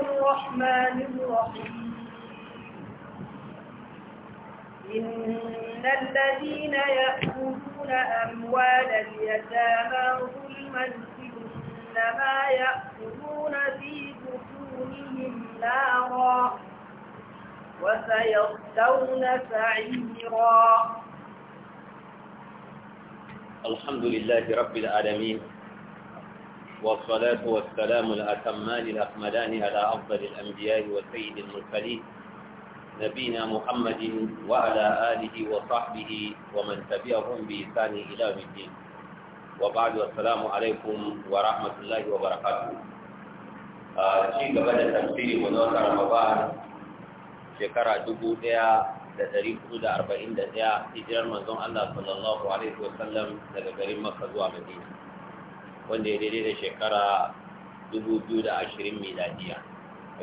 الرحمن الرحيم إن الذين يأكلون أموال اليتامى ظلما إنما يأكلون في بطونهم نارا وسيصلون سعيرا الحمد لله رب العالمين والصلاة والسلام الأتمان الأكملان على أفضل الأنبياء وسيد المرسلين نبينا محمد وعلى آله وصحبه ومن تبعهم بإحسان إلى يوم الدين وبعد والسلام عليكم ورحمة الله وبركاته شيء قبل تفسير منوط رمضان شكرا دبو ديا da ɗari hudu da arba'in da ɗaya hijirar manzon Allah sallallahu alaihi wasallam daga garin Makka zuwa Madina. wanda ya daidai da shekara 2020 miladiya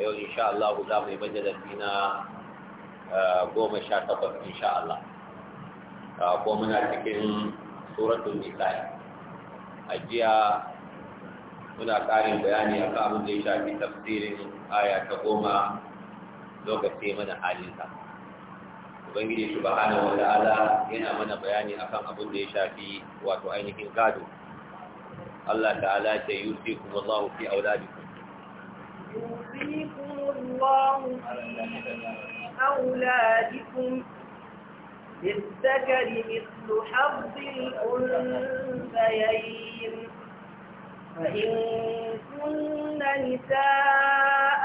a yau insha Allah za mu yi da fina eh, goma sha takwas insha Allah ah, ko muna cikin suratun nisa'i a jiya muna ƙarin bayani a abin da ya shafi tafsirin aya ta goma lokaci mana halinsa ubangiji subhanahu wa ta'ala yana mana bayani akan abin da ya shafi wato ainihin gado الله تعالى يوصيكم الله في أولادكم يوصيكم الله في أولادكم للذكر مثل حظ الأنثيين فإن كن نساء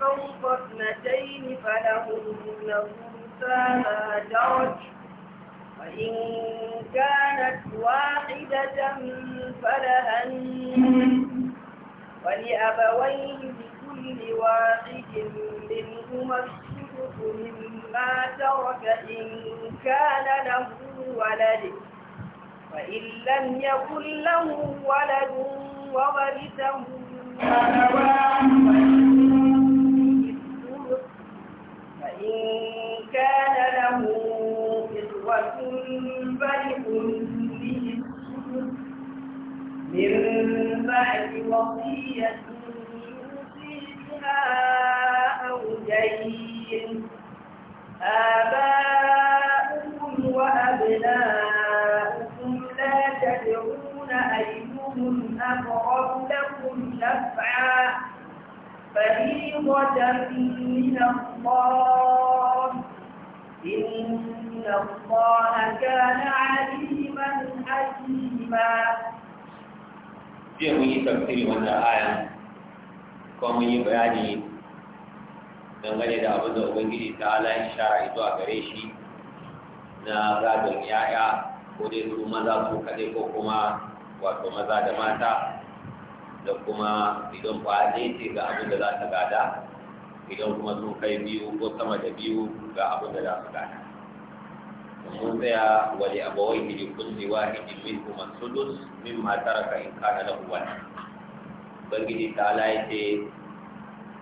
فوق اثنتين فلهن ثلثا ما ترك وإن كانت واحدة من فلهن ولأبويه لكل واحد منهما السدس مما ترك إن كان له ولد وإن لم يكن له ولد وورثه فإن كان له إخوة فلأم من بعد وصية يوصي بها أو آباؤكم وأبناؤكم لا تدرون أيهم أقرب لكم نفعا فريضة من الله إن الله كان عليما حكيما jiya mun yi tafsiri wannan aya ko mun yi bayani dangane da abin da ubangiji ta ala ya shara zuwa gare shi na gadon yaya ko dai su maza su kaɗai ko kuma wato maza da mata da kuma idan ba zai ce ga abin da za ta gada idan kuma sun kai biyu ko sama da biyu ga abin da za su gada mun tsaya wa li abawaihi li kulli wahidin minhuma thuluth mimma taraka in kana lahu walad bangiji ta laice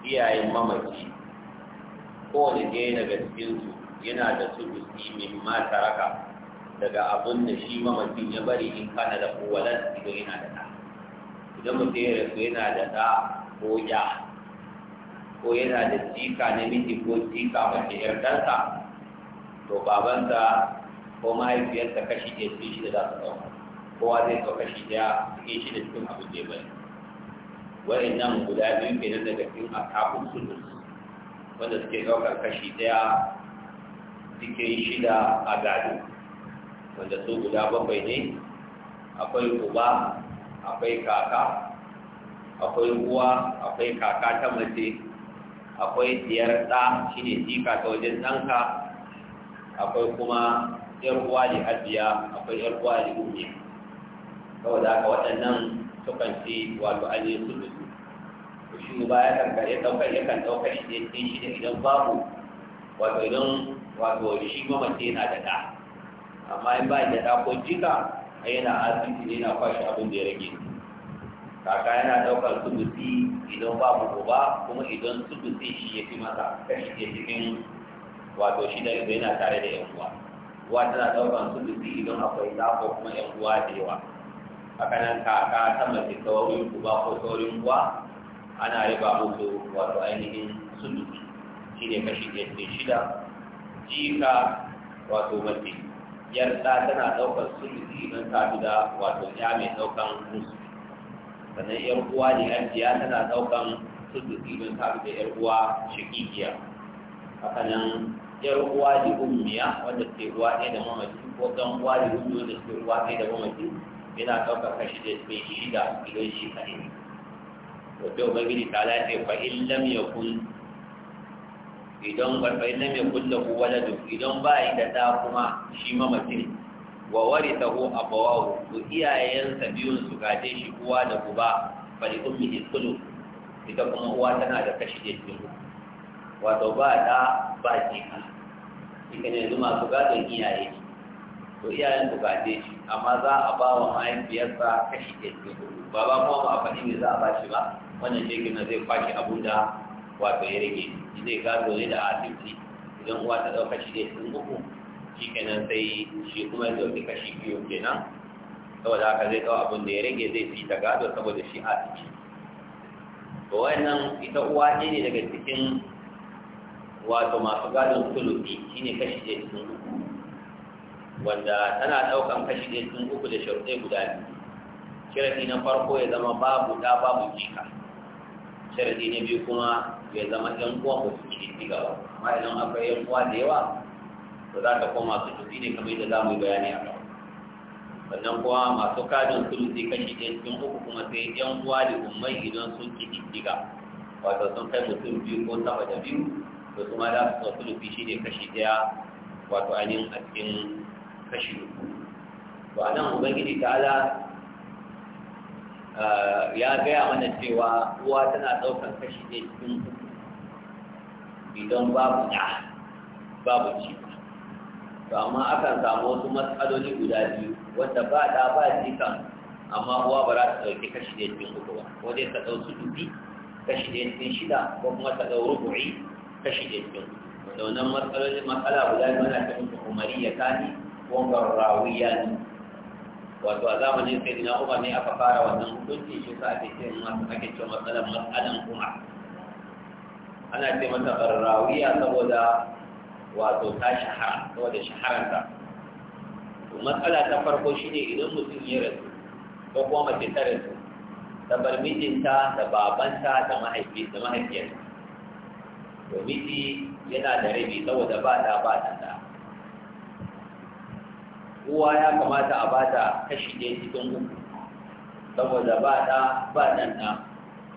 iyayen mamaci kowane ɗaya daga su yana da sulusi mimma taraka daga abun da shi mamacin ya bari in kana da kowalan idan yana da ta, idan mutum ya rasu yana da ta ko ya ko yana da jika namiji ko jika mace yar to babansa ko ta kashi ɗaya shi shida za su ɗauka kowa zai ɗau kashi ɗaya shi shida cikin abin da ya bari nan guda biyu ke nan daga cikin ashabul sulus wanda suke ɗaukar kashi ɗaya cikin shida a gado wanda su guda bakwai ne akwai uba akwai kaka akwai uwa akwai kaka ta mace akwai diyar ɗa shine jika ta wajen ɗanka akwai kuma yar uwa ne abiya akwai yar uwa ne ummi saboda haka waɗannan sukan ce wato an yi sulusu shi ba baya kan ya yakan ya kan shi ne shi da idan babu wato idan wato shi mamace yana da ɗa amma in ba da ɗa ko jika yana asibiti ne yana kwashe abin da ya rage kaka yana ɗaukar sulusi idan babu ba kuma idan sulusi shi ya fi masa kashi ke cikin wato shi da yana tare da yan uwa uwa tana ɗaukar sulusi idan akwai zafo kuma ‘yan uwa da yawa haka nan kaka ta mace saurin kuma ko saurin kuwa. ana riba musu wato ainihin sulusi shi ne kashi ɗaya shida jika wato mace yar ɗa tana ɗaukar sulusi idan ta fi da wato ya mai ɗaukan musu sannan ‘yan uwa ne ajiya tana ɗaukan sulusi idan ta fi da ‘yan uwa kikiya haka nan yar uwa li ummiya wanda ke uwa ɗaya da mamaci ko ɗan uwa li ummi wanda ke uwa ɗaya da mamaci yana ɗaukaka shi da mai da gidan shi kare ne wata ubangiji ta lafi fa illam ya kun idan ba fa illam ya kun lahu waladu idan ba yi da ta kuma shi mamacin wa wari ta taho abawahu to iyayensa biyun su gaje shi uwa da ba, fa li ummi isulu ita kuma uwa tana da kashi da biyu wato ba ta ba jika shi ne yanzu masu gadon iyaye ne to iyayen bukace shi amma za a ba wa mahaifiyarsa kashi ɗaya cikin hudu ba ba kuma ba a faɗi ne za a ba shi ba wannan shekin na zai kwashe abun da wato ya rage shi zai gado ne da asibiti idan uwa ta ɗauka shi ɗaya cikin uku shi kenan sai shi kuma ya ɗauki kashi biyu kenan saboda haka zai ɗau abun da ya rage zai fi ta gado saboda shi asibiti to wannan ita uwa ce ne daga cikin wato masu gadon sulubi shine kashi ɗaya cikin uku wanda tana ɗaukan kashi ɗaya cikin uku da sharuɗe guda biyu sharaɗi na farko ya zama babu ɗa babu jika sharaɗi na biyu kuma ya zama ɗan uwa ko su ci gaba amma idan akwai yan uwa da yawa to za ta koma su tafi ne kamar yadda za mu yi bayani a kan sannan kuma masu kajin sulusi kashi ɗaya cikin uku kuma sai yan uwa da ummai idan sun ci gaba wato sun kai mutum biyu ko sama da biyu da kuma da su sulufi shi ne kashi ɗaya wato ainihin a cikin kashi uku to a nan ubangiji ta'ala ya gaya mana cewa uwa tana ɗaukar kashi ɗaya cikin uku idan babu ɗa babu ci to amma akan samu wasu matsaloli guda biyu wadda ba ɗa ba ci kan amma uwa ba za ta ɗauki kashi ɗaya cikin uku ba ko dai ta ɗau dubi kashi ɗaya cikin shida ko kuma ta ɗau rubu'i kashi ɗin da wannan matsalolin matsala guda biyu ana cikin umariya ta ne ko rawiya ne wato a zamanin sai na umar ne aka fara wannan hukunci shi sa ake ce masu ake ce matsalar matsalan umar ana ce mata rawiya saboda wato ta shahara saboda shahararta matsala ta farko shi ne idan mutum ya rasu ko kuma mace ta rasu ta bar mijinta da babanta da mahaifiyarta to yana da rabi saboda ba ta ba ta da uwa ya kamata a ba ta kashi ne cikin uku saboda ba ta ba ta da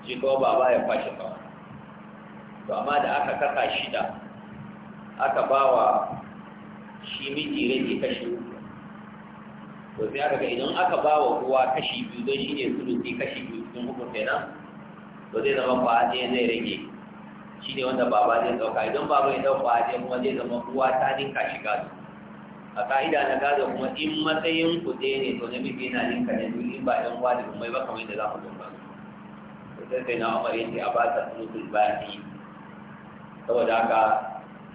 shi ko baba ya kwashe ba to amma da aka kasa shida aka ba wa shi miji rage kashi uku to sai aka ga idan aka ba wa uwa kashi biyu don shi ne sulusi kashi biyu cikin uku kenan to zai zama ba ɗaya zai rage shi ne wanda baba zai ɗauka idan baba ya ɗauka a kuma zai zama uwa ta ninka shi gado a ka'ida na gado kuma in matsayin ku ɗaya ne to namiji yana ninka ne, duk in ba ɗan uwa da kuma ba kamar yadda za ku ɗauka ko sai sai na umar yace a ba ta ya bani saboda haka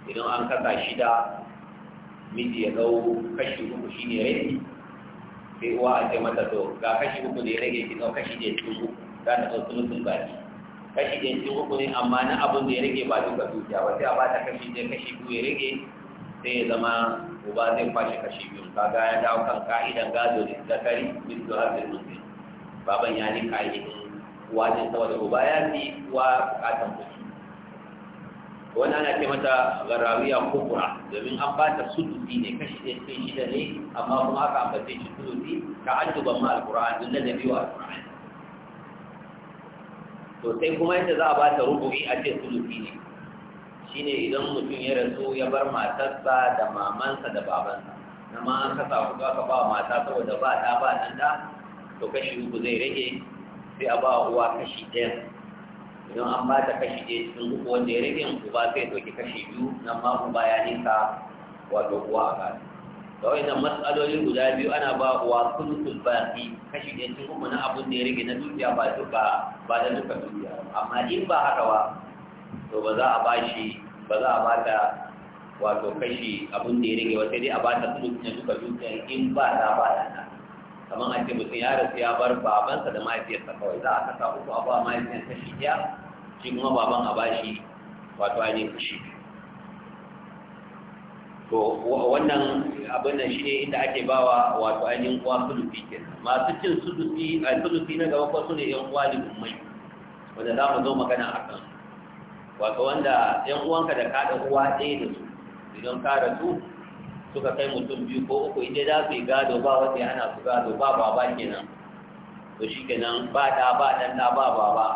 idan an kasa shida miji ya ɗau kashi uku shi ne rai sai uwa a ce mata to ga kashi uku da ya rage ki ɗau kashi ne ya tuku za ta ɗau ya bani kashi ɗin cikin uku ne amma na abin da ya rage ba duka dukiya ba sai a bata kashi ɗin kashi biyu ya rage sai ya zama uba zai kwashe kashi biyu ga ya dawo kan ka'idan gado da zakari min da hasil baban ya ni ka'idin uwa ne saboda uba ya fi uwa bukatan kuɗi wani ana ce mata garawiya kubura domin an ba ta sudusi ne kashi ɗin shi shida ne amma kuma aka ambace shi sudusi ta adduban ma alƙur'an na da biyu alƙur'ani. to sai kuma yadda za a ba ta rubu'i a ce sulusi ne shine idan mutum ya rasu ya bar matarsa da mamansa da babansa na ma an kasa ku ka ba mata saboda ba ta ba nan da to kashi uku zai rage sai a ba uwa kashi ɗaya idan an ba ta kashi ɗaya cikin uku wanda ya rage uba sai ya ɗauki kashi biyu nan ma uba ya nisa wato uwa a gasa da wayannan matsaloli guda biyu ana ba wa sulusul baki kashi ne cikin kuma na abun da ya rage na dukiya ba duka ba da duka dukiya amma in ba haka ba to ba za a ba shi, ba za a bata wato kashi abun da ya rage wata dai a bata sulusul na duka dukiya in ba za ba da na kamar a ce mutum ya rasu ya bar babansa da mahaifiyarsa kawai za a kasa uku a ba mahaifiyar kashi ɗaya shi kuma baban a bashi wato ainihin kashi biyu to wannan abin nan ne inda ake bawa wato ainihin uwa sulufi ke masu cin sulufi a sulufi na gaba ko ne yan uwa da ummai wanda za mu zo magana a kan wato wanda yan uwanka da kada uwa ɗaya da su idan ka su suka kai mutum biyu ko uku inda za su yi gado ba wata yana su gado ba baba kenan to shi kenan ba ɗa ba ɗan ɗa ba baba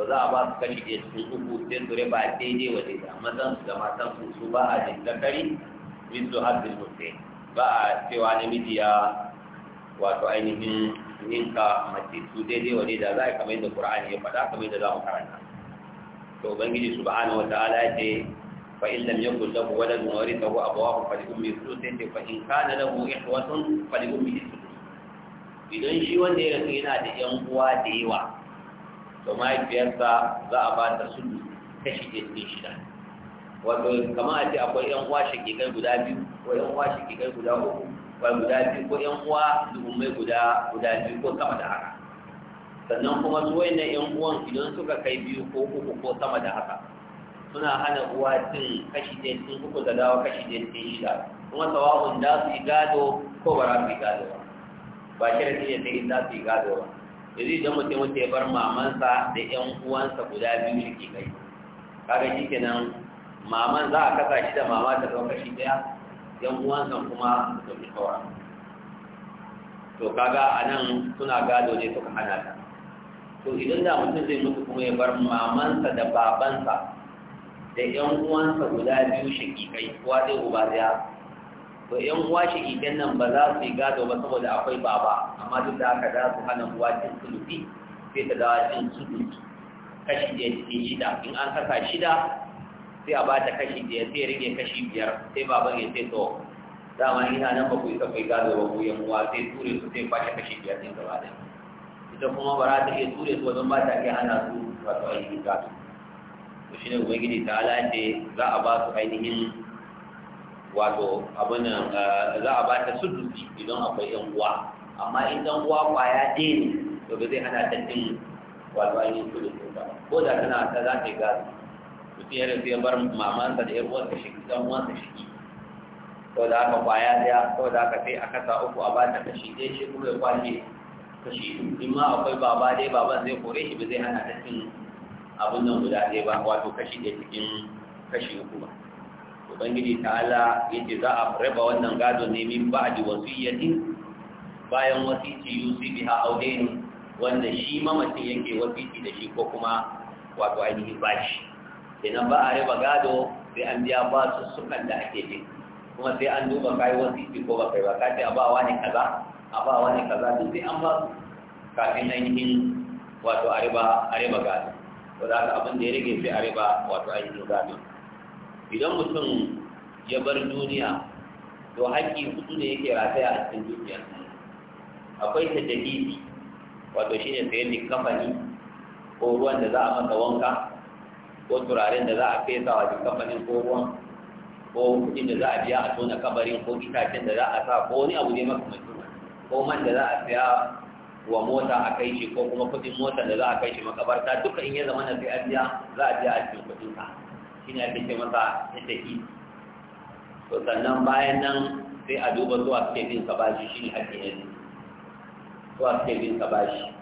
ba za a ba su kashi ɗaya cikin uku sai su riba daidai wa daidai amma san su da matan su su ba a jinkakari bintu abdul mutai ba a cewa namiji ya wato ainihin ninka mace su daidai wani da za a kamar yadda qur'ani ya faɗa kamar yadda za mu karanta to ubangiji subhanahu wataala ya ce fa in lam yakul lahu waladun warithahu abawahu fa li ummi thuluthihi fa in kana lahu ihwatun fa li ummi thuluth idan shi wanda ya rasu yana da yan uwa da yawa to mahaifiyarsa za a ba ta sulu kashi ɗaya shi shida wato kama a ce akwai yan uwa shakikai guda biyu ko yan uwa shakikai guda uku ko guda biyu ko yan uwa zumai guda guda biyu ko sama da haka sannan kuma su wayannan yan uwan idan suka kai biyu ko uku ko sama da haka suna hana uwa cin kashi ɗaya cikin uku da dawa kashi ɗaya cikin shida kuma sawa'un da su yi gado ko ba za su yi gado ba ba shi da shi ne sai za su yi gado ba yanzu idan mutum ya bar mamansa da yan uwansa guda biyu shi ke kai kaga shi kenan maman za a kasa shi da mama ta ɗauka ɗaya yan uwansa kuma da ɗauki saura to kaga a nan suna gado ne suka hana ta to idan da mutum zai mutu kuma ya bar mamansa da babansa da yan uwansa guda biyu shakikai kuwa zai uba daya to yan uwa shakikan nan ba za su yi gado ba saboda akwai baba amma duk da aka za su hana uwa cin sulufi sai ta dawa cin sulufi kashi ɗaya cikin shida in an kasa shida sai a ba ta kashi ɗaya sai rike kashi biyar sai baban ya sai to dama ina nan ba ku isa kai gado ba ku yan uwa sai ture su sai ta kashi biyar sai gaba ɗaya ita kuma ba za ta iya ture su wajen ba ta kai hana su wato ainihin gado to shine ubangiji ta ala ce za a ba su ainihin wato abin eh, za a ba ta dubi idan akwai yan uwa amma in dan uwa kwaya ɗaya ne to ba zai hana ta cin wato ainihin sudusi ba ko da tana ta za ta yi gado mutum ya rasu ya bar mamansa da yan uwansa shi dan uwansa shi sau da aka kwaya daya sau da aka sai a kasa uku a bata kashi dai shi kuma ya kashi in ma akwai baba dai baban zai kore shi ba zai hana ta cin abin nan guda ɗaya ba wato kashi ɗaya cikin kashi uku ba ubangiji ta'ala ya ce za a raba wannan gado ne min ba'di wasiyyatin bayan wasici yusi biha audaini wanda shi mamacin yake wasici da shi ko kuma wato ainihin bashi kenan ba a riba gado sai an biya ba su sukan da ake bi kuma sai an duba kai wasiki ko ba kai ba kace a ba wani kaza a ba wani kaza duk sai an ba su kafin ainihin wato a riba a riba gado to da abin da ya rage sai a riba wato ainihin gado idan mutum ya bar duniya to haƙƙi hudu ne yake rataya a cikin duniya? akwai tajahidi wato shine sayan kamfani ko ruwan da za a masa wanka ko turaren da za a fesa wa duk kamfanin ko ruwan ko kudin da za a biya a tona kabarin ko itacen da za a sa ko wani abu ne makamancin ko man da za a siya wa mota a kai shi ko kuma kudin mota da za a kai shi makabarta duka in ya zama na sai an biya za a biya a cikin kudin ka shi ne ake ce masa ki e. to sannan bayan nan sai a duba zuwa suke bin ka bashi shi ne ake yanzu zuwa suke bin ka bashi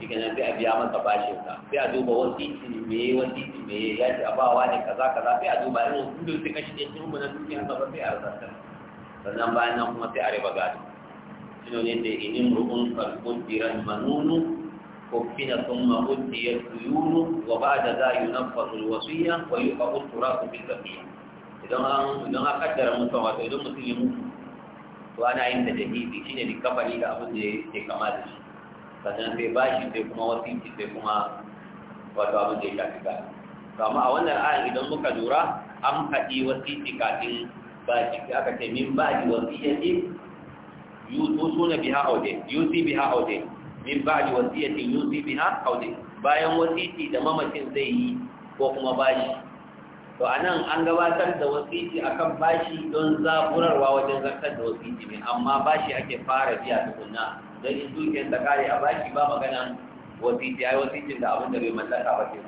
shi ganin sai a biya masa bashin sa sai a duba wasiti ne me wasiti me ya ce abawa ne kaza kaza sai a duba irin kudin sai kashi ɗin cikin gudan dukiyar sa ba sai a rasarta sannan bayan nan kuma sai a riba gado shi ne da inin rukun kalkudiran manunu ko fina sun mahudu ya tuyunu wa ba da za yi nafasul wasiya wa yi fahu tura su fi tafiya idan an idan an kaddara mutuwa wato idan mutum ya mutu to ana yin da jahidi shine likafani da abin da ya kama da shi kadan bai bashi sai kuma wasiki sai kuma wato abin da ya shafi ka amma a wannan ayan idan muka lura an haɗi wasiki kafin bashi sai aka ce min bashi wasiyati na biha aude yusi biha aude min ba'di wasiyati yusi biha aude bayan wasiti da mamacin zai yi ko kuma bashi to anan an gabatar da wasiti akan bashi don zaburarwa wajen zartar da wasiti ne amma bashi ake fara biya tukunna don in dukiyar da kare a baki ba magana wasiti yi wasitin da abin da bai mallaka ba ke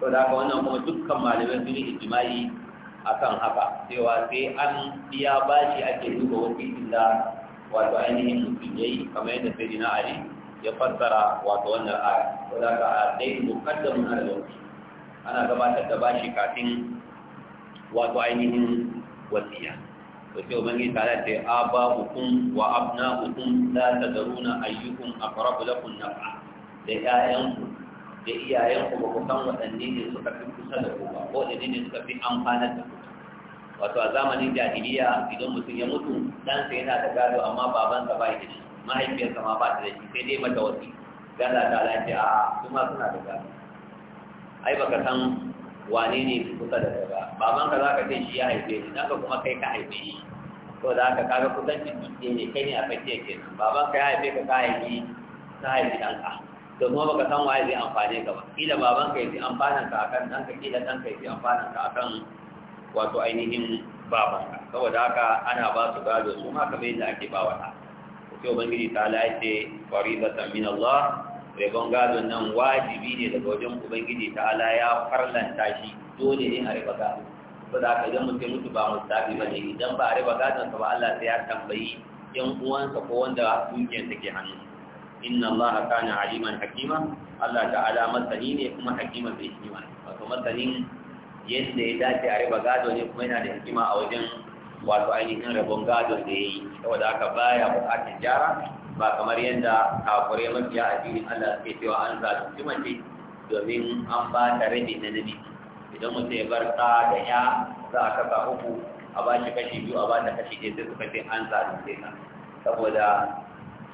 to da haka wannan kuma dukkan malamai sun yi a akan haka cewa sai an biya bashi ake duba wasitin da wato ainihin mutum yi kamar yadda sai dina ali ya fassara wato wannan aya to da haka a dai muqaddamun da wasi ana gabatar da bashi kafin wato ainihin wasiya to sai ubangi ta ce aba'ukum wa abna'ukum la tadruna ayyukum aqrabu lakum naf'a da ƴaƴanku da iyayenku ba ku san waɗanne ne suka fi kusa da ku ba ko da ne suka fi amfanar da ku wato a zamanin jahiliya idan mutum ya mutu ɗansa yana da gado amma babansa ba da shi mahaifiyarsa ma ba ta da shi sai dai mata wasi gana ta lafiya a kuma suna da gado ai baka san wane ne kusa da kai baban ka ka ce shi ya haife shi ka kuma kai ka haife shi ko za ka kaga kusancin dutse ne kai ne a ke nan? baban ka ya haife ka ka haife ka haife ɗanka to kuma baka san waye zai amfane ka ba kila baban ka fi amfanan ka akan ɗanka kila ɗanka fi amfanan ka akan wato ainihin baban ka saboda haka ana ba su gado su ma kamar yadda ake ba wa ɗa sai ubangiji ta lace ta min Allah rebon gado nan wajibi ne daga wajen ubangiji ta ala ya farlanta shi dole ne a riba gado saboda ka idan mutum mutu ba mustafi ba ne idan ba a riba gadon ka ba Allah sai ya tambayi yan uwansa ko wanda dukiyar take hannu inna Allah kana aliman hakima Allah ta ta'ala masani ne kuma hakima bai hikima wato masanin yadda ya dace a riba gado ne kuma yana da hikima a wajen wato ainihin rabon gado da ya yi saboda haka baya bukatar gyara ba kamar yadda kakure mafiya a jirin Allah suke cewa an zaɓi ne domin an ba ta rabi na idan mutum ya bar ta da ya za a kasa uku a ba shi kashi biyu a ba da kashi ɗaya sai suka ce an zalunce ta, saboda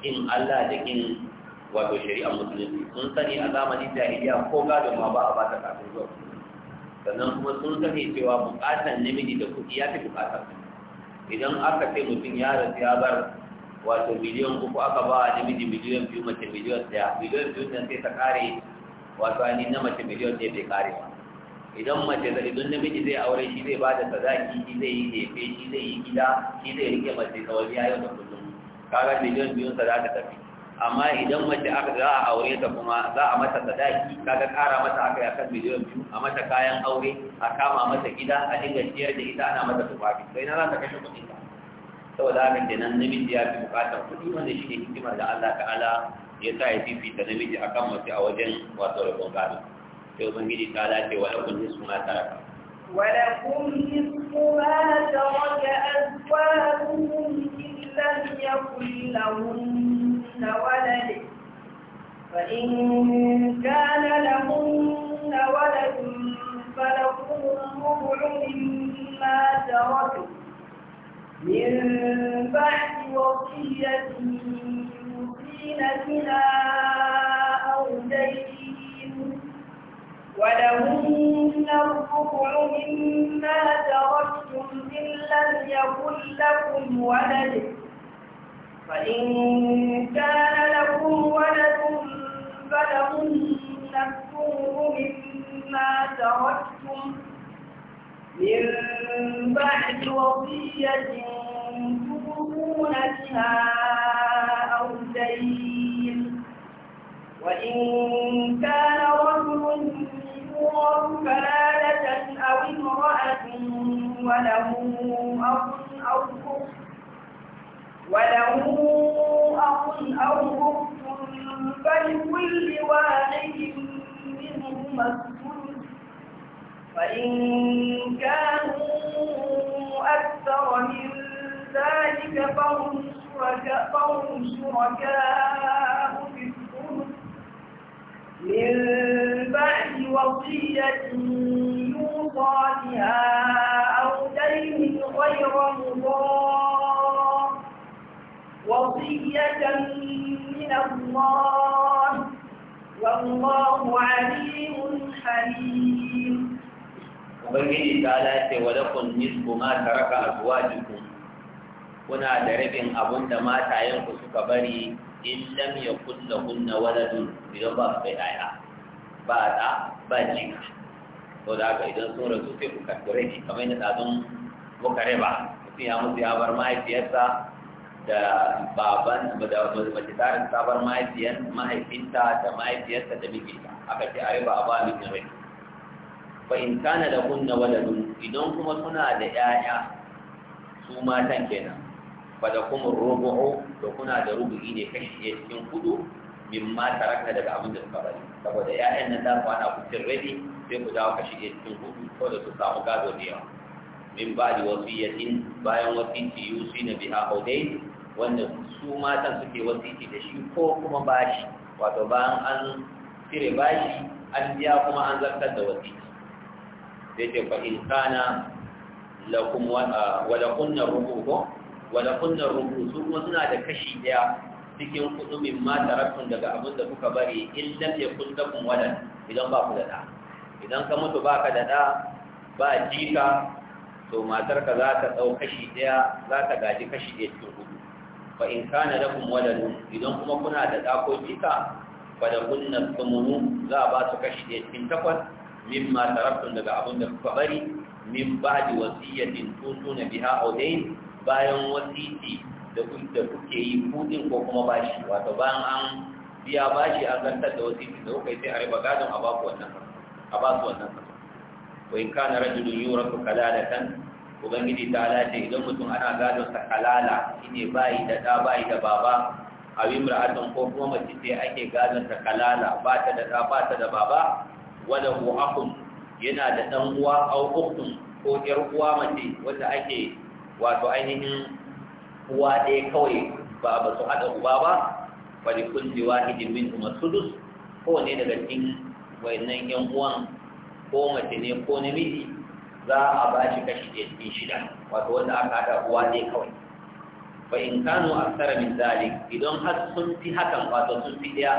in Allah da in wato shari'ar musulunci sun sani a zamanin jahiliya ko gado ma ba a ba ta kafin zuwa sannan kuma sun sani cewa bukatar namiji da kuɗi ya fi bukatar idan aka ce mutum ya rasu ya bar wato miliyan uku aka ba wa namiji miliyan biyu mace miliyan ɗaya miliyan biyu nan sai ta kare wato ainihin na mace miliyan ɗaya bai kare ba idan mace da idan namiji zai aure shi zai ba da sadaki shi zai yi jefe shi zai yi gida shi zai rike mace ta wani yau da kullum kaga miliyan biyun sa za ta tafi amma idan mace aka za a aure ta kuma za a mata sadaki kaga kara mata aka ya kan miliyan biyu a mata kayan aure a kama mata gida a dinga ciyar da ita ana mata tufafi sai na za ta kashe kuɗi ta saboda haka kenan namiji ya fi bukatar kuɗi wanda shi ne hikimar da Allah ta'ala ya sa ya fifita namiji akan mace a wajen wato rabon gado ya zo miji ta dace wa ɗan kunji su mata raka. wala kunji su mata wata azwarun wala ne fa'in gana lamun na wala fara kunun ma ta wata min ba na tina a ولهن الربع مما تركتم إن لم يكن لكم ولد فإن كان لكم ولد فلهن الثمن مما تركتم من بعد وصية تؤمنون بها أو دين وإن كان رجل كلالة أو امرأة وله أخ أو أخت وله أخ أو أخت فلكل واحد منهما السدس فإن كانوا أكثر من ذلك فهم شركاء وصية Ubangiji ta lace wa lakun nisbu ma taraka azwajukum kuna da rabin abin da yanku suka bari in lam yakun kunna waladun idan ba su da yaya ba da ba jika to da haka idan sun rasu sai ku karɓi rai kamar yadda ɗazun muka raba mutum ya mutu ya bar mahaifiyarsa da baban da mace tarin ta bar mahaifiyan mahaifinta da mahaifiyarsa da mijinta aka ce a riba a ba mijin rai fa in kana da kunna waladun idan kuma suna da 'ya'ya su matan kenan fa da kuma rubu'u da kuna da rubu'i ne kashi cikin kudu mimma taraka daga abin da suka bari saboda ya'yan nan za su ana kucin rabi sai ku dawo kashi shige cikin hudu ko da su samu gado da yawa min ba da wasiyyatin bayan wasiyyaci yusi na biha haudai wanda su matan suke wasiyyaci da shi ko kuma bashi wato bayan an cire bashi an biya kuma an zartar da wasiyyaci sai ce fa in kana lakum wa ah, lakunna rubu ko wa lakunna rubu su kuma suna da kashi daya cikin kudu min ma taraktum daga abin da kuka bari in lam yakun lakum walad idan ba ku da da idan ka mutu ba ka da da ba jika to matar ka za ta dau kashi daya za ta gaji kashi daya cikin kudu fa in kana lakum walad idan kuma kuna da da ko jika fa da kunna tumuhu za ba su kashi daya cikin takwas min mimma taraktum daga abin da kuka bari min ba'di wasiyatin tutuna biha aw dayn bayan wasiti da kuke yi kudin ko kuma bashi wato bayan an biya bashi an zantar da wasiti da kuka yi sai a riba gadon a baku wannan a ba su wannan kaso wa in kana rajulun yurasu kalalatan ubangiji ta alace idan mutum ana gadon sa kalala ne bayi da da bayi da baba a imra'atun ko kuma mace sai ake gadon ta kalala ba ta da da ba ta da baba wala hu akhun yana da dan uwa au ukhtun ko yar uwa mace wanda ake wato ainihin uwa ɗaya kawai ba ba su haɗa uba ba wani kundi kulli wahidin min as-sudus ne daga cikin wayannan yan uwan ko mace ne ko namiji za a ba shi kashi ɗaya cikin shida wato wanda aka haɗa uwa ɗaya kawai fa in kanu aksara min dalik idan har sun fi hakan wato sun fi ɗaya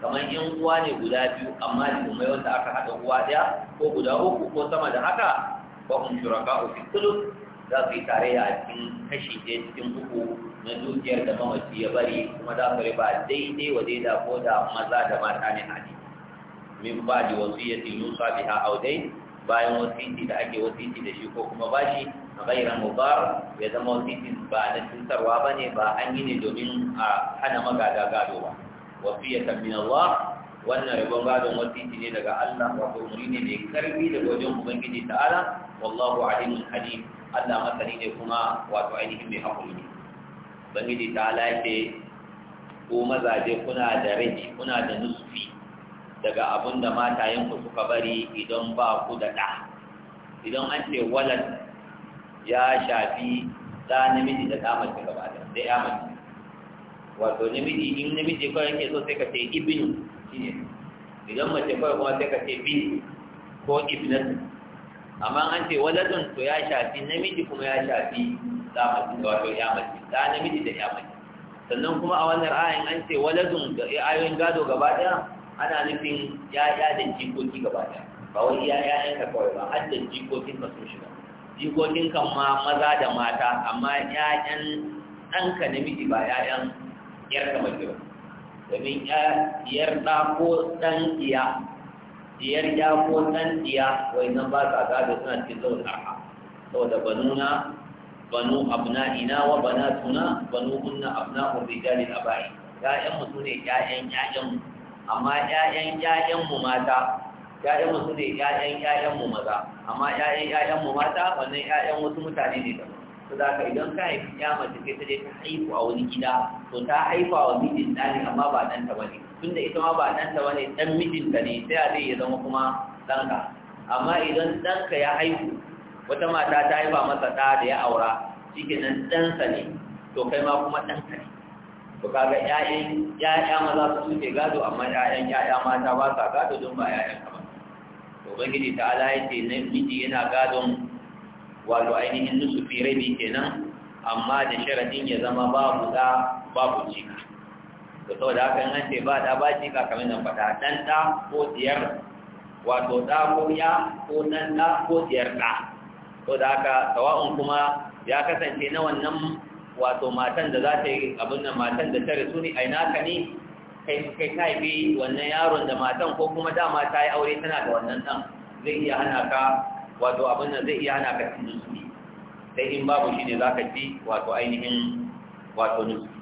kamar yan uwa ne guda biyu amma da kuma wanda aka haɗa uwa ɗaya ko guda uku ko sama da haka fa kun shuraka fi thuluth za su yi tarayya a cikin kashi ɗaya cikin uku na dukiyar da mamaci ya bari kuma za su riba daidai wa daida ko da maza da mata ne hali min ba da wasiyyati yusa biha audai bayan wasiti da ake wasiti da shi ko kuma bashi a gairan mubar ya zama wasiti ba na cutarwa ba ne ba an yi ne domin a hana magada gado ba ya min Allah wannan rabon gadon wasiti ne daga Allah wato umuri ne mai karfi daga wajen ubangiji ta'ala wallahu alimun halim Allah masani ne kuma wato ainihin mai haƙuri ne bangiji ta lafe ko mazaje kuna da rai kuna da nusfi daga abin da matayenku suka bari idan ba ku da ɗa idan an ce walad ya shafi ɗa namiji da ɗa mace gaba da da ya mace wato namiji in namiji kawai yake so sai ka ce ibin ne idan mace kawai kuma sai ka ce bin ko ibnatu amma an ce waladun to ya shafi namiji kuma ya shafi a mace wato ya mace da namiji da ya mace sannan kuma a wannan ayin an ce waladun ga ayoyin gado gaba daya ana nufin ya'ya da jikoki gaba daya ba wai iya ya'yan ka kawai ba har da jikokin ka sun shiga jikokin kan ma maza da mata amma ya'yan ɗanka namiji ba ya'yan yarka mace ba domin yar ɗa ko ɗan iya diyar ya ko nan diya wai nan ba ga da suna cikin zaune arha saboda banuna banu ina wa bana tuna banu kunna abna'u na abai ya'yan mu sune ya'yan ya'yan mu amma ya'yan ya'yan mu mata ya'yan mu sune ya'yan ya'yan mu maza amma ya'yan ya'yan mu mata wannan ya'yan wasu mutane ne da to da ka idan ka haifi ya mace sai ta je ta haihu a wani gida to ta haifa wa mijin ɗani amma ba ɗanta ba ne tunda ita ma ba ɗanta ba ne ɗan mijinta ne sai a zai ya zama kuma ɗanka amma idan ɗanka ya haihu wata mata ta haifa masa ɗa da ya aura cikin nan ɗansa ne to kai ma kuma ɗanka ne to kaga ƴaƴan ƴaƴa za su suke gado amma ƴaƴan ƴaƴa mata ba sa gado don ba ƴaƴan ka ba to ubangiji ta ala ya ce na miji yana gadon wato ainihin nusufi rabi kenan amma da sharadin ya zama babu ɗa babu cika to saboda haka an ce ba da ba ce ka kamar nan fata dan da ko diyar wato da ko ya ko nan da ko diyar da to da haka sawa'un kuma ya kasance na wannan wato matan da za ta yi abin nan matan da ta rasu ne ina ka ne kai kai kai bi wannan yaron da matan ko kuma dama ta yi aure tana da wannan dan zai iya hana ka wato abin nan zai iya hana ka cin ne sai in babu shi ne za ka ci wato ainihin wato nusuki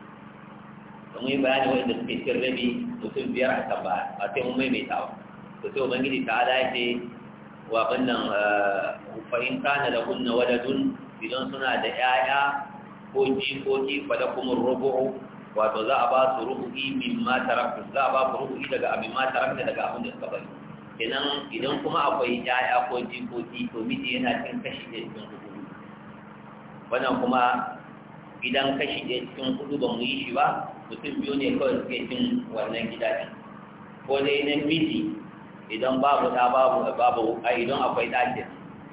mun yi bayani wanda suke cin rabi mutum biyar a kan baya ba sai mun maimaita ba to sai ubangiji ta ala ya ce wa bannan eh, fa'in na da kunna waladun idan suna da ƴaƴa ko jikoki fada kuma rubu'u wato za a ba su rubu'i min ma tarakta za a ba su rubu'i daga abin ma tarakta daga abin da suka bari kenan idan kuma akwai ƴaƴa ko jikoki to miji yana cin kashi da cikin rubu'i wannan kuma gidan kashi ɗaya cikin kudu ba mu yi shi ba mutum biyu ne kawai suke cin wannan ne ko dai na miji idan babu ta babu babu a idan akwai ɗa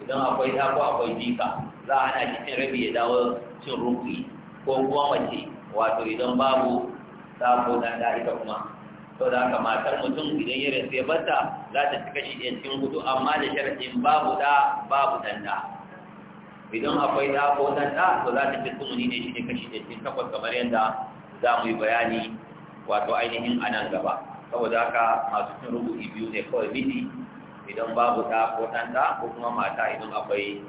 idan akwai ta ko akwai jika za a hana cikin rabi ya dawo cin rufi ko kuma mace wato idan babu ta ko ɗa ɗa ita kuma to da haka matar mutum idan ya rasu ya bata za ta ci kashi ɗaya cikin hudu amma da sharaɗin babu da, babu danda. idan akwai da ko dan da to za ta ci ne ne shi ne kashi da cikin takwas kamar yadda za mu yi bayani wato ainihin anan gaba saboda haka masu cin rubu'i biyu ne kawai mini idan babu da ko dan da ko kuma mata idan akwai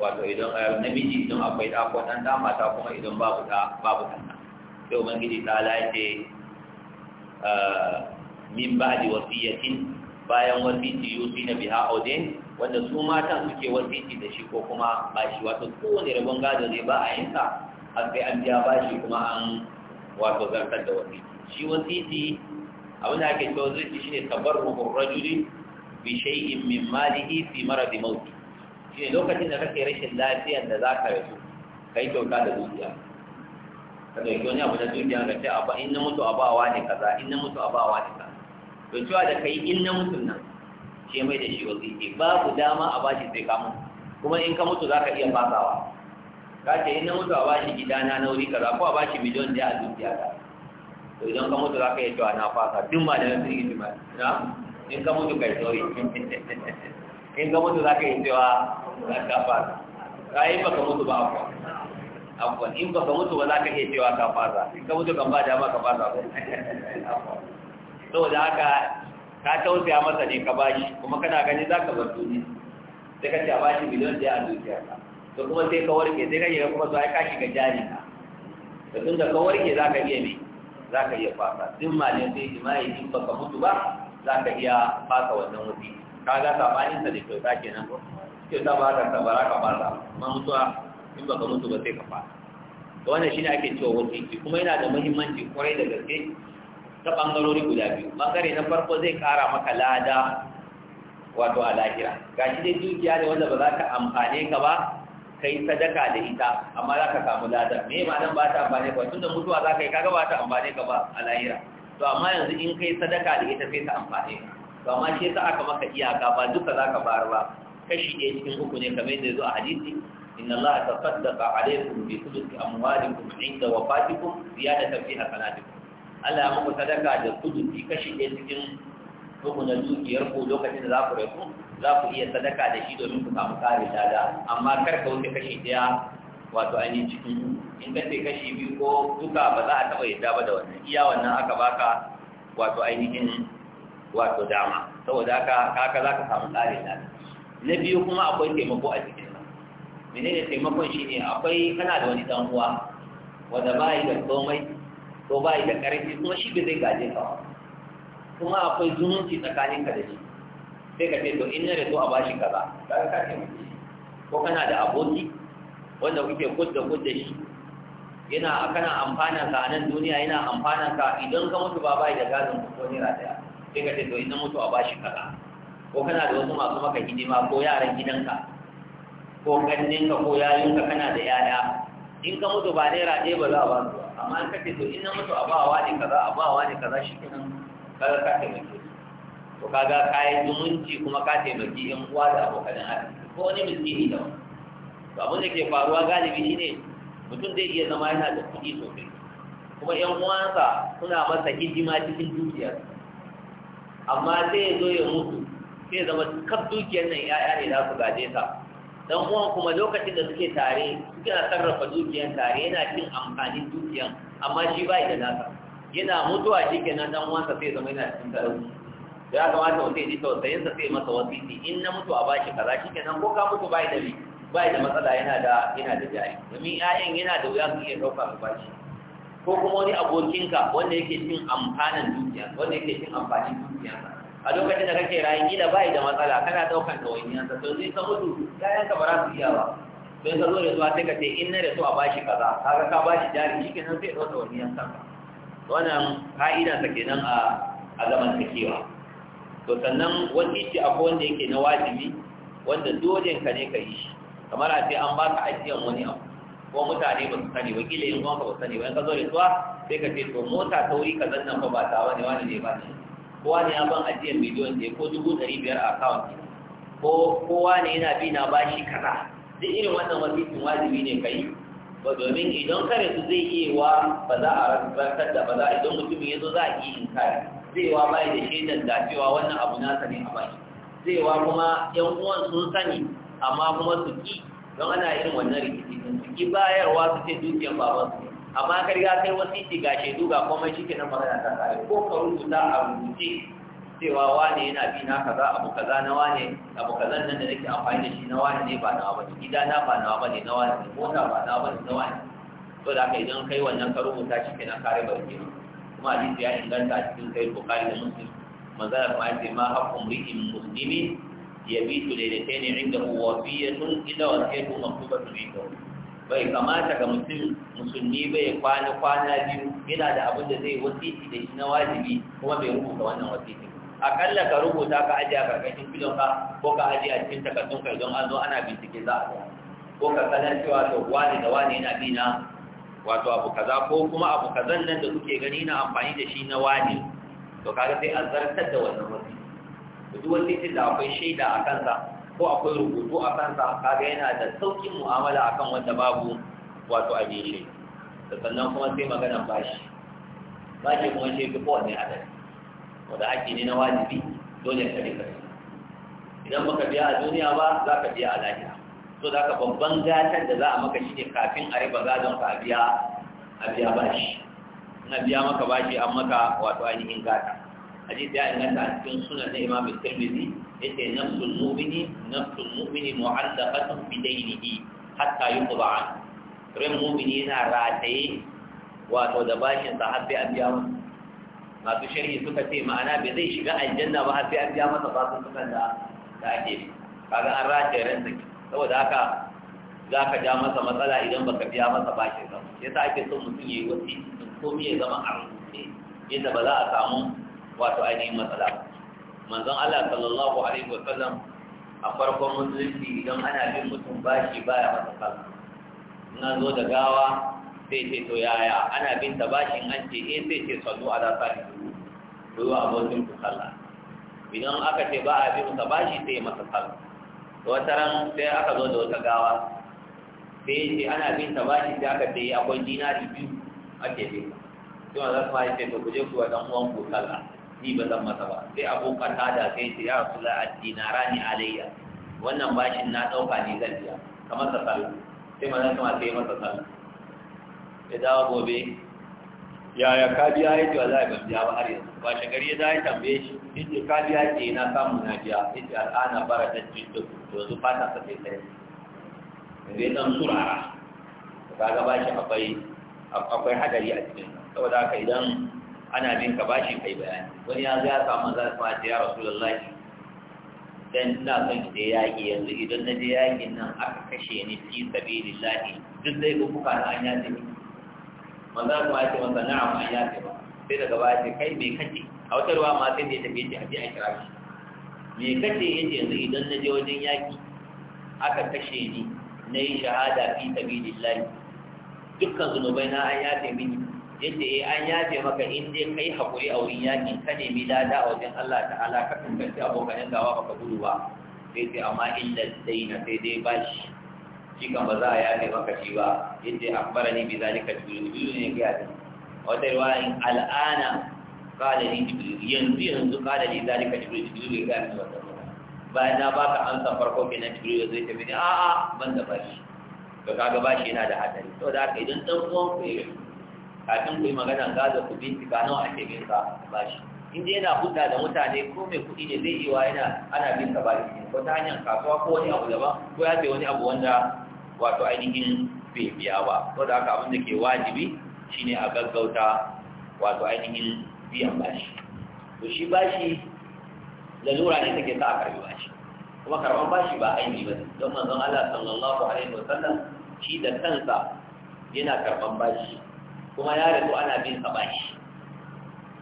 wato idan eh, namiji idan akwai da ko dan da mata kuma idan babu da babu dan da sai ubangiji ta lace eh, min ba'di wasiyatin bayan wasiyati yusina biha audin wanda su matan suke wasiki da shi ko kuma bashi wato kowane rabon gado ne ba a yanka har sai an biya bashi kuma an wato zartar da wasiki shi wasiki abin da ake cewa zuci shine rukun rajuli bi shay'in min malihi fi marad shi ne lokacin da kake rashin lafiyar da za ka rasu kai kyauta da zuciya? ka ɗauki wani abu na zuciya ka ce abu in na mutu wa ne kaza in na mutu wa ne kaza to cewa da kai in na mutu nan ke mai da shi wasiki babu dama a bashi sai ka mutu kuma in ka mutu zaka iya fasawa ka ce in na mutu a bashi gida na wuri kaza ko a bashi miliyon da a dukiya ta to idan ka mutu zaka iya cewa na fasa duk ma da na sirri ma na in ka mutu kai sorry in ka mutu zaka iya cewa ka fasa kai baka mutu ba akwa abubuwan in ba ka mutu ba za ka iya cewa ka fasa in ka mutu kan ba dama ka fasa ba saboda haka ka tausaya masa ne ka bashi kuma kana gani za ka bar duniya sai ka ce a bashi miliyon ɗaya a dukiyarka to kuma sai ka warke sai ka yi kuma zuwa ka shiga jari ka da tun da ka warke za ka iya me za ka iya fasa ma ne sai jima'i yi ba ka mutu ba za ka iya fasa wannan wuti ka ga sabanin sa da kyauta kenan ko kyauta ba ka sabara ka fasa amma mutuwa in ba ka mutu ba sai ka fasa to wannan shine ake cewa wuti kuma yana da muhimmanci kwarai da gaske ta ɓangarori guda biyu ɓangare na farko zai ƙara maka lada wato a lahira ga shi dai dukiya ne wanda ba za ka amfane ka ba kai sadaka da ita amma za ka samu lada me ma nan ba ta amfane ka tun da mutuwa za ka yi kaga ba ta amfane ka ba a lahira to amma yanzu in kai sadaka da ita sai ta amfane ka to amma shi yasa aka maka iyaka ba duka za ka bayar ba kashi ɗaya cikin uku ne kamar yadda ya zo a hadisi إن الله تصدق عليكم بثلث أموالكم عند وفاتكم زيادة في حسناتكم Allah ya muku sadaka da sudusi kashi ɗaya cikin na dukiyar ku lokacin da za ku rasu za ku iya sadaka da shi domin ku samu kare dada, amma kar ka wuce kashi ɗaya wato ainihin cikin in ka ce kashi biyu ko duka ba za a taɓa yadda ba da wannan iya wannan aka baka wato ainihin wato dama saboda haka kaka za ka samu kare dada. na biyu kuma akwai taimako a cikin nan menene taimakon shine akwai kana da wani dan uwa wanda bai da komai to ba da karfi kuma shi ba zai gaje ka kuma akwai zumunci tsakanin ka da shi sai ka ce to in na da to a bashi kaza kaga ka ce ko kana da aboki wanda kuke kudda kudda shi yana kana amfanan ka a nan duniya yana amfanan ka idan ka mutu ba bai da gadon ko naira daya sai ka ce to in na mutu a bashi kaza ko kana da wasu masu maka hidima ko yaran gidanka ko ganninka ko ka kana da yaya in ka mutu ba naira ɗaya ba za a ba su amma an kake to in na mutu bawa ne kaza bawa ne kaza shi kenan kaga ka taimake to kaga ka yi zumunci kuma ka taimaki yan uwa da abokan arziki ko wani miskini da wani to abin da ke faruwa galibi ne? mutum zai iya zama yana da kuɗi sosai kuma yan uwansa suna masa hidima cikin dukiyar amma sai ya zo ya mutu sai zama kaf dukiyar nan ya'ya ne za su gaje sa dan uwan kuma lokacin da suke tare suke sarrafa dukiyan tare yana cin amfanin dukiyan amma shi bai da nasa yana mutuwa shi nan dan uwansa sai zama yana cikin talauci ya kamata wanda ya ji tausayin sa sai masa wasiti in na mutu a bashi kaza shi nan ko ka mutu bai da bai da matsala yana da yana da jari domin 'ya'yan yana da wuya su iya ɗauka su bashi ko kuma wani abokinka wanda yake cin amfanin dukiya wanda yake cin amfanin dukiyansa a lokacin da kake rayu gida ba da matsala kana daukan yansa to zai ka mutu ƴaƴanka ba za su iya ba sai ka zo da zuwa sai ka ce in na da su a bashi kaza kaga ka bashi jari shi kenan sai ɗauka ɗawainiyarsa wannan ka'idansa kenan a a takewa to sannan wani ce akwai wanda yake na wajibi wanda dole ka ne ka yi shi kamar a ce an ba ka ajiyar wani abu ko mutane ba su sani ba yin ba su sani ba in ka zo da zuwa sai ka ce to mota ta wuri ka zannan nan ba ta wani wani ne ba ne kowa ne ya ban ajiyar miliyon ɗaya ko dubu ɗari biyar a akawun ko kowa ne yana bi na bashi kaza duk irin wannan wasiƙin wajibi ne kai ba domin idan kare su zai iya wa ba za a rabarkar da ba za a idan mutumin ya zo za a iya inkari kare zai wa bai da shaidan da cewa wannan abu na sani a bashi zai wa kuma yan uwan sun sani amma kuma su ki don ana irin wannan rikici su ki bayarwa su ce dukiyar baban su amma ka riga kai wasiti ga shaidu ga komai shi kenan magana ta kare ko ka rubuta a rubuce cewa wane yana bi na kaza abu kaza na wane abu kaza nan da nake amfani da shi na wane ne ba nawa bane gida na ba nawa bane na wane ne mota ba nawa bane na wane to da kai idan kai wannan ka rubuta shi kenan kare barke kuma hadisi ya inganta a cikin sai bukari da muslim manzala kuma ce ma haqqu mri'in muslimin yabitu laylatayn 'indahu wasiyatun ila wasiyatu maktubatun 'indahu bai kamata ga mutum musulmi bai kwana kwana biyu yana da abin da zai wasiti da shi na wajibi kuma bai rubuta wannan wasiti akalla ka rubuta ka ajiya karkashin filon ka ko ka ajiya cikin takardun ka don an zo ana bincike za a ga ko ka sanar cewa to wani da wani yana bi na wato abu kaza ko kuma abu kazan nan da kuke gani na amfani da shi na wani to kaga sai an zartar da wannan wasiti duk wasitin da akwai shaida a kansa ko akwai rubutu a kansa kaga yana da sauƙin mu'amala akan wanda babu wato a jere da sannan kuma sai maganan bashi bashi kuma shi fi kowane adadi wanda ake ne na wajibi dole ka rika idan baka biya a duniya ba za ka biya a lahira so da ka babban gatar da za a maka shi ne kafin a riba gadon ka biya a biya bashi na biya maka bashi an maka wato ainihin gata hadisi ya inganta a cikin sunan na imamu tirmidhi yace nafsul mu'mini nafsul mu'mini mu'allaqatun bi daynihi hatta yuqda an ran mu'mini yana rataye wato da bashin sa har sai an biya masa masu sharhi suka ce ma'ana bai zai shiga aljanna ba har sai an biya masa basun sukan da da ake kaga an rataye ran sa saboda haka za ka ja masa matsala idan baka biya masa bashin sa yasa ake son mutum yayi wasi komai ya zama a rubuce yadda ba za a samu wato ainihin matsala ba manzon Allah sallallahu alaihi wa sallam a farkon musulunci idan ana bin mutum bashi baya masa kalla ina zo da gawa sai ce to yaya ana bin ta bashin an ce eh sai ce sallu ala to yi wa abokin ku kalla idan aka ce ba a bin sa bashi sai masa to wata ran sai aka zo da wata gawa sai ce ana bin ta bashi sai aka ce eh, akwai dinari biyu ake bin sai wanda kuma ya ce to ku je ku wa dan uwan ku kalla ni ba zan masa ba sai abokan tada sai ce ya rasu a dinara ni alayya wannan bashin na ɗauka ne zan biya kamar sa sallah sai mazan kama sai masa sallah ya dawo gobe yaya ka biya ya za a ban biya ba har yanzu ba shagari ya zai tambaye shi ce ka biya ce na samu na biya ce al'ana bara ta jiddu yanzu fata sa sai sai zai dan surara kaga ba shi akwai akwai hadari a cikin saboda haka idan ana bin ka bashi kai bayani wani ya zai samu za su ce ya rasulullahi dan ina son ki da yaƙi yanzu idan na je yaƙin nan aka kashe ni fi sabilillahi duk zai kuka na an yaƙi ni manzo kuma ya ce masa na'am an yaƙi ba sai daga baya ce kai me kace a wata ruwa ma sai da ya tafi ce a je a kira shi me kace yace yanzu idan na je wajen yaƙi aka kashe ni na yi shahada fi sabilillahi dukkan zunubai na an yafe mini yadda yi eh, an yafe maka in dai kai hakuri a wurin yakin ka nemi lada a wajen Allah ta'ala ka tunkanci abokan gawa baka gudu ba sai sai amma sai na sai dai bashi shi kan ba za a yafe maka shi ba yadda ambara ne bi zalika jibril ne ga yafe wata riwayan al'ana qala li jibril yanzu yanzu ni qala li zalika jibril ne ga yafe wata bayan na ba ka amsa farko na jibril zai tafi ne a'a ban da bashi to kaga shi yana da hadari da haka idan dan uwan ku ya kafin ku yi magana gaza ku bincika nawa ake bin sa bashi in dai yana hudda da mutane ko mai kuɗi ne zai iya yana ana bin sa bashi ko ta hanyar kasuwa ko wani abu daban ko ya sayi wani abu wanda wato ainihin bai biya ba ko da haka abin da ke wajibi shine a gaggauta wato ainihin biyan bashi to shi bashi lalura ne take sa a karbi bashi kuma karban bashi ba aini ba don manzon Allah sallallahu alaihi wasallam shi da kansa yana karban bashi kuma ya rasu ana bin sa bashi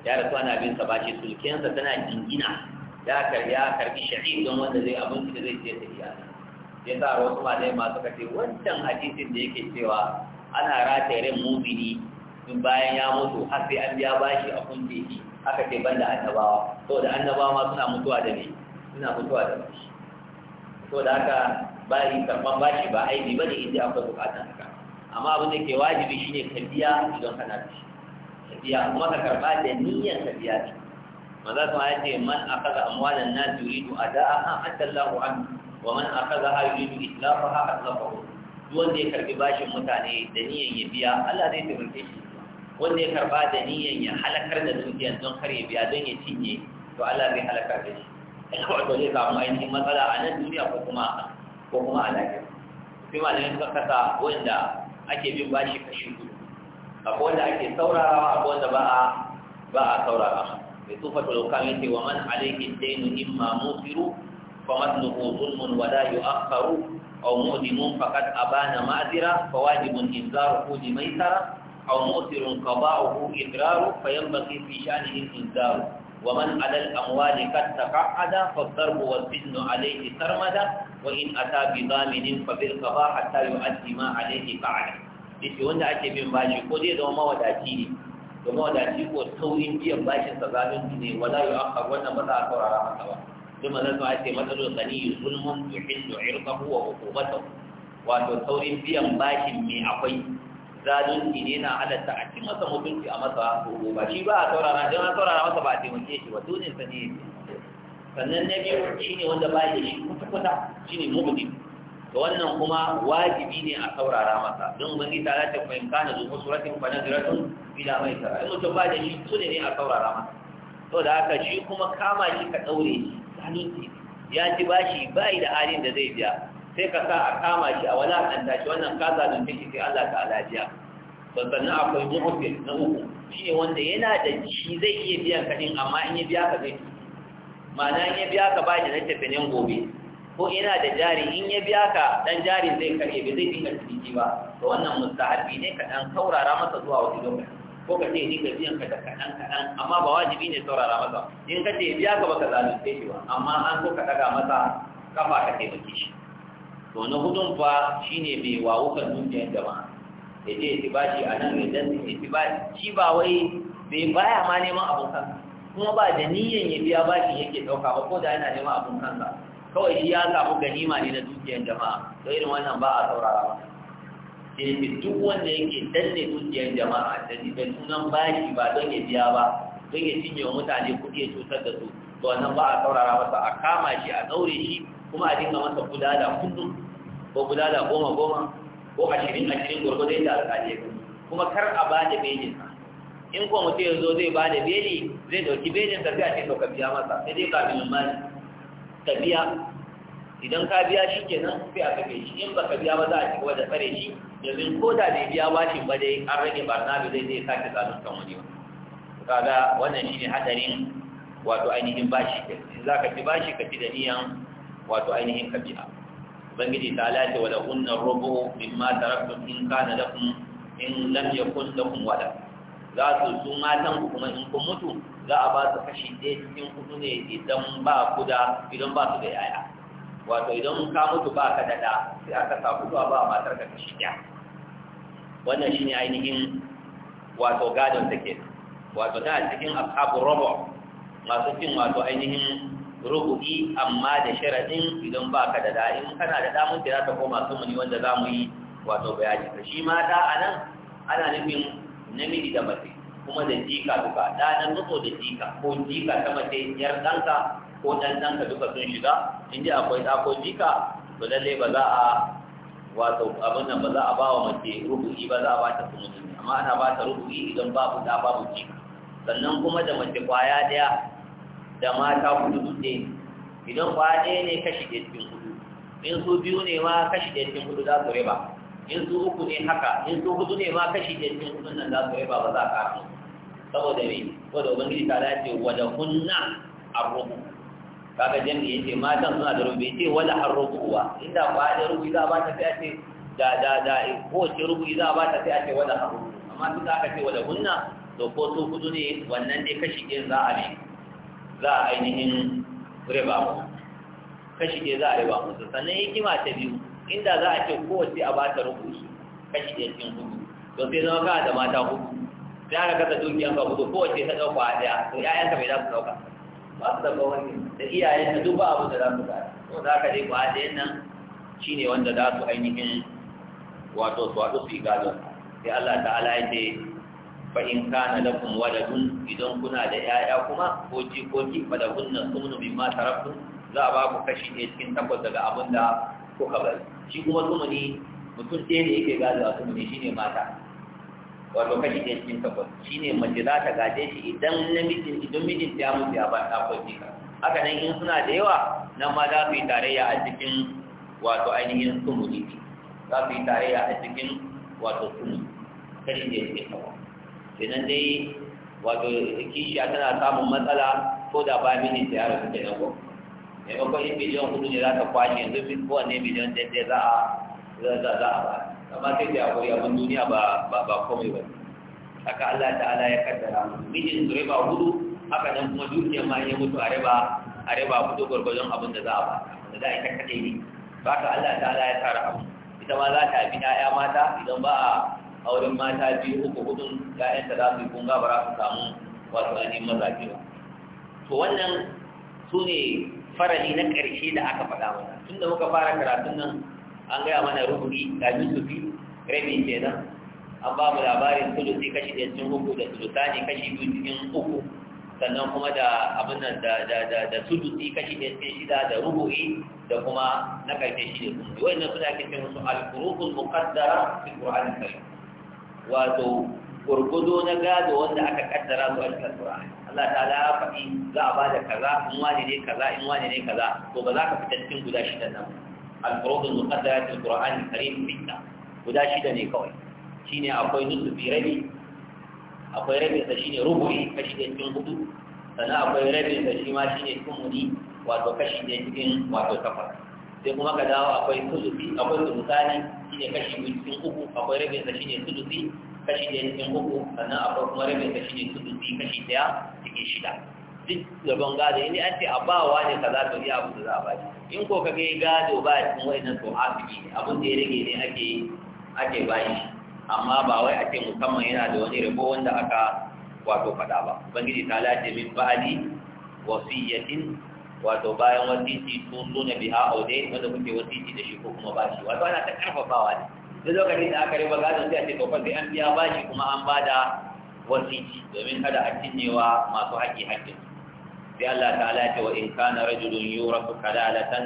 ya rasu ana bin sa bashi tana jingina ya karbi ya karbi shahid don wanda zai abinci da zai ce da iya ya sa wasu malai masu kace wancan hadisin da yake cewa ana rataye ran mumini in bayan ya mutu har sai an biya bashi a kunje shi aka ce ban da annabawa to da annabawa ma suna mutuwa da ne suna mutuwa da bashi to da haka yi karban bashi ba aibi ba ne inda akwai bukatan amma abin da ke wajibi shine ka biya idan kana da shi ka biya kuma ka karba da niyyar ka biya shi maza su ma yace man akaza amwalan nas yuridu ada'aha hatta Allahu anhu wa man akazaha yuridu islafaha atlafahu duk wanda ya karbi bashin mutane da niyyar ya biya Allah zai taimake shi wanda ya karba da niyyar ya halakar da dukiyar don kar ya biya don ya cinye to Allah zai halakar da shi In wato zai samu ainihin matsala a nan duniya ko kuma ko kuma a lafiya sai malamin suka kasa wanda ake bin bashi kashi akwai wanda ake saurarawa akwai wanda ba a ba a saurarawa mai tufa tulukan yace wa man alayhi dainu imma mufiru fa matluhu zulmun wa la yu'akharu aw mudimun faqad abana ma'zira fa wajibun inzaruhu limaysara aw musirun qada'uhu idraru fa yanbaghi fi sha'nihi inzaru ومن على الأموال قد تقعد فالضرب والسجن عليه سرمدا وإن أتى بضامن فبالقضاء حتى يؤدي ما عليه فعلا yace wanda ake bin bashi ko zai zama mawadaci ne to mawadaci ko saurin biyan bashin sa zalunci ne wala yu akhar wannan ba a saurara masa ba sai manzo sa ce matsalul ghani zulmun yuhillu irqahu wa ta, wato saurin biyan bashin me akwai zalunci ne na halatta a cikin masa mutunci a masa hukun ba shi ba a saurara don a saurara masa ba a taimake shi ba tunin sa ne sannan na biyu shi ne wanda ba da shi kuta-kuta shi ne mubudi to wannan kuma wajibi ne a saurara masa don ta tare da fahimta na zuwa suratin kwanan ziratun bila mai tara in mutum ba da shi dole ne a saurara masa to da haka shi kuma kama shi ka ɗaure shi zalunci ya ci bashi ba da halin da zai biya sai ka sa a kama shi a walakanta shi wannan ka zalunce take sai Allah ta alajiya to sannan akwai mu'min na uku shi ne wanda yana da shi zai iya biyan ka din amma in ya biya ka zai ma'ana in ya biya ka ba shi na tafinin gobe ko yana da jari in ya biya ka dan jari zai karye ba zai dinga ciki ba to wannan mustahabi ne ka dan saurara masa zuwa wani lokaci ko ka ce ni ka biyan ka da kaɗan kaɗan amma ba wajibi ne saurara masa in ka ce biya ka baka zalunce shi ba amma an so ka daga masa kafa ka taimake shi to na hudun fa shine mai wawukan dukiyar jama'a ya je ya tiba shi a nan ya dan ya tiba shi ba wai bai baya ma neman abun kansa kuma ba da niyyan ya biya bashi yake dauka ba ko da yana neman abun kansa kawai shi ya samu ganima ne na dukiyar jama'a to irin wannan ba a saurara ba sai duk wanda yake danne dukiyar jama'a da da sunan bashi ba don ya biya ba don ya cinye wa mutane kuɗi ya cutar da su to wannan ba a saurara ba. a kama shi a daure shi kuma a dinga masa kula da kullum ko guda da goma goma ko ashirin ashirin gwargwado yadda alƙali ya kuma kar a ba da belin in kuma mutum ya zo zai ba da beli zai ɗauki belin ka zai a ka biya masa sai dai kafin mali ka biya idan ka biya shi kenan sai a kafe shi in ba ka biya ba za a ci gaba da tsare shi domin ko da bai biya bashin ba dai an rage barna bai zai zai sake kan wani ba kaga wannan shine hadarin wato ainihin bashi kenan za ka ci bashi ka ci da niyan wato ainihin kabi'a ubangiji ta lati wa lahunna rubu mimma taraktum in kana lakum in lam yakun lakum wala za su su matan ku kuma in kun mutu za a ba su kashi ɗaya cikin kudu ne idan ba ku da idan ba su da yaya wato idan ka mutu ba ka dada sai aka sa kudu a ba matar ka kashi ɗaya wannan shine ainihin wato gadon take wato ta cikin ashabu rubu masu cin wato ainihin rubu'i amma da sharadin idan baka da da'in kana da damun da zaka koma muni wanda zamu yi wato bayani ka shi ma da anan ana nufin namiji da mace kuma da jika duka da nan nutso da jika ko jika ta mace yar danka ko dan danka duka sun shiga inda akwai da ko jika to lalle ba za a wato abin nan ba za a ba wa mace rubu'i ba za a ba ta sumuni amma ana ba ta rubu'i idan babu da babu jika sannan kuma da mace kwaya daya da mata kudu su ne idan ba ɗaya ne kashi ɗaya cikin kudu in su biyu ne ma kashi ɗaya cikin kudu za su riba in su uku ne haka in su hudu ne ma kashi ɗaya cikin kudu nan za su riba ba za ka haɗu saboda me da ubangiji ta dace wada kunna arrubu kaga jami'i yace matan suna da rubu yace wala arrubu ba inda ba ɗaya rubu za ba ta sai ce da da da eh, ko ce rubu za ba ta sai ce wala arrubu amma duk aka ce wada kunna to ko su hudu ne wannan ne kashi ɗin za a ne za a ainihin riba mu kashi ɗaya za a riba mu sannan hikima ta biyu inda za a ce kowace a bata rubutu kashi ɗaya cikin hudu to sai zama kana da mata hudu sai aka kasa dukiyan ka hudu kowace ta ɗauka a ɗaya to ƴaƴanka bai za su ɗauka ba su ɗauka wani da iyayen ka duk ba abu da za su ɗauka to za ka dai ba ɗayan nan shine wanda za su ainihin wato su haɗu su yi gado sai Allah ta'ala ya ce fa in kana lakum waladun idan kuna da yaya kuma ko jikoki falahunna sumnu ma taraktum za a ba ku kashi ɗaya cikin takwas daga abin da kuka bari shi kuma sumuni mutum ɗaya ne yake gazawa shi shine mata wato kashi ɗaya cikin takwas shine mace za ta gaje shi idan namijin idan mijin ta mutu ya ba ta kwanci ka haka nan in suna da yawa nan ma za su yi tarayya a cikin wato ainihin ne za su yi tarayya a cikin wato sunu kashi ɗaya cikin takwas kenan dai wato kishiya tana samun matsala ko da ba mini ta yara suke nan ko maimakon in miliyan kudu ne za ta kwashe yanzu kowanne miliyan dai za a za a ba amma sai da yaƙuri abin duniya ba ba komai ba haka Allah ta'ala ya kaddara mijin su riba hudu haka nan kuma dukiyar ma ya mutu a riba a riba hudu gwargwajon abin da za a ba da za a yi ta ne ba ka Allah ta'ala ya tara abu ita ma za ta bi ya mata idan ba a auren mata biyu uku hudu ya'yanta za su yi kunga ba za su samu wasu ainihin mazaje ba to wannan su ne farali na ƙarshe da aka faɗa mana tun da muka fara karatun nan an gaya mana ruburi da yusufi rabi kenan an ba mu labarin sulusi kashi ɗaya cikin uku da sulusani kashi biyu cikin uku sannan kuma da abin nan da da da da sulusi kashi ɗaya cikin shida da rubu'i da kuma na ƙarshe shi ne kuma wannan suna cikin su al-qurubul muqaddara fi qur'anil karim wato gurgudo na gado wanda aka kaddara su a cikin Qur'ani Allah ta ya faɗi za a bada kaza in wani ne kaza in wani ne kaza to ba za ka fita cikin guda shida nan al-furudul muqaddarat al Qur'ani karim fitta guda shida ne kawai shine akwai nusufi rabi akwai rabin sa shine rubu'i kashi da cikin hudu sannan akwai rabin sa shi ma shine tumuni wato kashi da cikin wato takwas sai kuma ka dawo akwai sulusi akwai shi shine kashi cikin uku akwai rabin sa shine sulusi kashi ɗaya cikin uku sannan akwai kuma rabin sa shine sulusi kashi ɗaya cikin shida duk gaban gado in an ce a bawa ne kaza to yi abu da za a ba in ko ka kai gado ba cikin wa'annan to fi ne abin da ya rage ne ake ake shi. amma ba wai a ce musamman yana da wani rabo wanda aka wato faɗa ba ubangiji ta lace min ba'adi wasiyatin wato bayan wasiti to suna biha aude wanda kuke wasiti da shi ko kuma bashi wato ana ta karfafawa ne duk lokacin da aka riba gado sai a ce to fa sai an biya bashi kuma an bada wasiti domin kada a cinyewa masu haƙi haƙin sai Allah ta'ala ya ce wa in kana rajulun yurafu kalalatan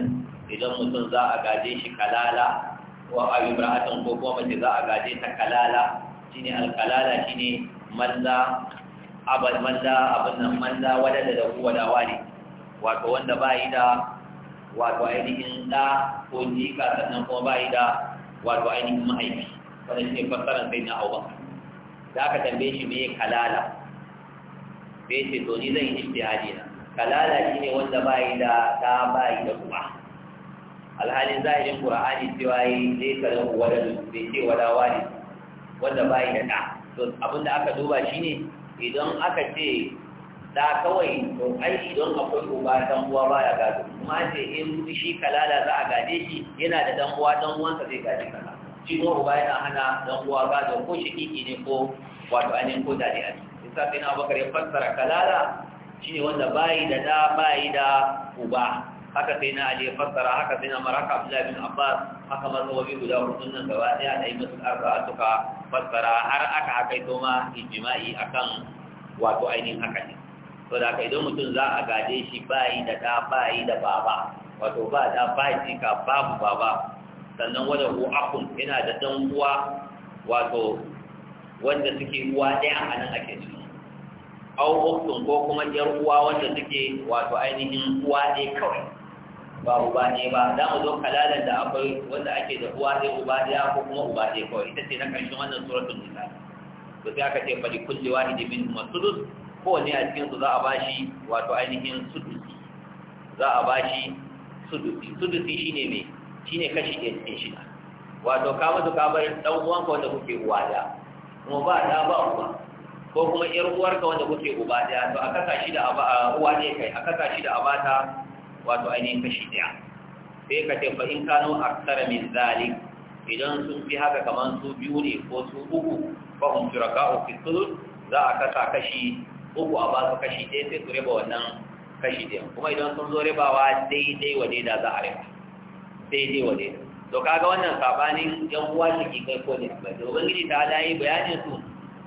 idan mutum za a gaje shi kalala wa ayu bra'atan ko kuma mace za a gaje ta kalala shine alkalala shine malla abal malla abin nan malla wadada da kuwa da wani wato wanda ba yi da wato ainihin ɗa ko jika sannan kuma ba yi da wato ainihin mahaifi wanda shi ne fassarar sai na auba da aka tambaye shi me kalala sai ce to ni zan yi ijtihadi na kalala shi ne wanda ba yi da ta ba yi da kuma. alhalin zahirin qur'ani cewa yi zai kalan wadal bai ce wala wani. wanda ba yi da ɗa to abinda aka duba shi ne idan aka ce da kawai to ai idan akwai uba dan uwa ba ya gado kuma sai in shi kalala za a gade shi yana da dan uwa dan sa zai gade ka shi ko uba yana hana dan uwa gado ko kiki ne ko wato anin ko dade a isa bin abubakar ya fassara kalala shine wanda bai da da bai da uba haka sai na ali ya fassara haka sai na maraka abdullahi bin abbas haka bi guda hudun nan gaba daya da imasu arba'a suka fassara har aka akai to ma ijma'i akan wato ainihin haka ne to da ka idan mutum za a gaje shi bayi da ɗa bayi da baba wato ba ɗa ba jika babu baba sannan wani akun yana da ɗan uwa wato wanda suke uwa ɗaya a nan ake ciki au uktun ko kuma ƴar uwa wanda suke wato ainihin uwa ɗaya kawai ba uba ne ba za mu zo kalalan da akwai wanda ake da uwa ɗaya uba ɗaya ko kuma uba ɗaya kawai ita ce na ƙarshen wannan suratul nisa ko sai aka ce fa likulli wahidin minhum as Kowane a cikinsu za a ba shi wato ainihin sudusi za a ba shi sudusi sudusi shi ne mai shi ne kashi ɗaya cikin na wato ka mutu ka bar ɗan uwanka wanda kuke uwa ɗaya kuma ba da ba uwa ko kuma ƴar uwarka wanda kuke uba ɗaya to a kasa shi a uwa ne kai a kasa da a bata wato ainihin kashi ɗaya sai ka ce in kano tsara min zali idan sun fi haka kamar su biyu ne ko su uku fa hum shuraka'u fi sulh za a kasa kashi uku a ba su kashi ɗaya sai su riba wannan kashi ɗaya kuma idan sun zo ribawa daidai wa daida za a riba daidai wa daida to kaga wannan sabanin yan uwa shi ke kai ko ne ba to ubangiji ta da yi bayanin su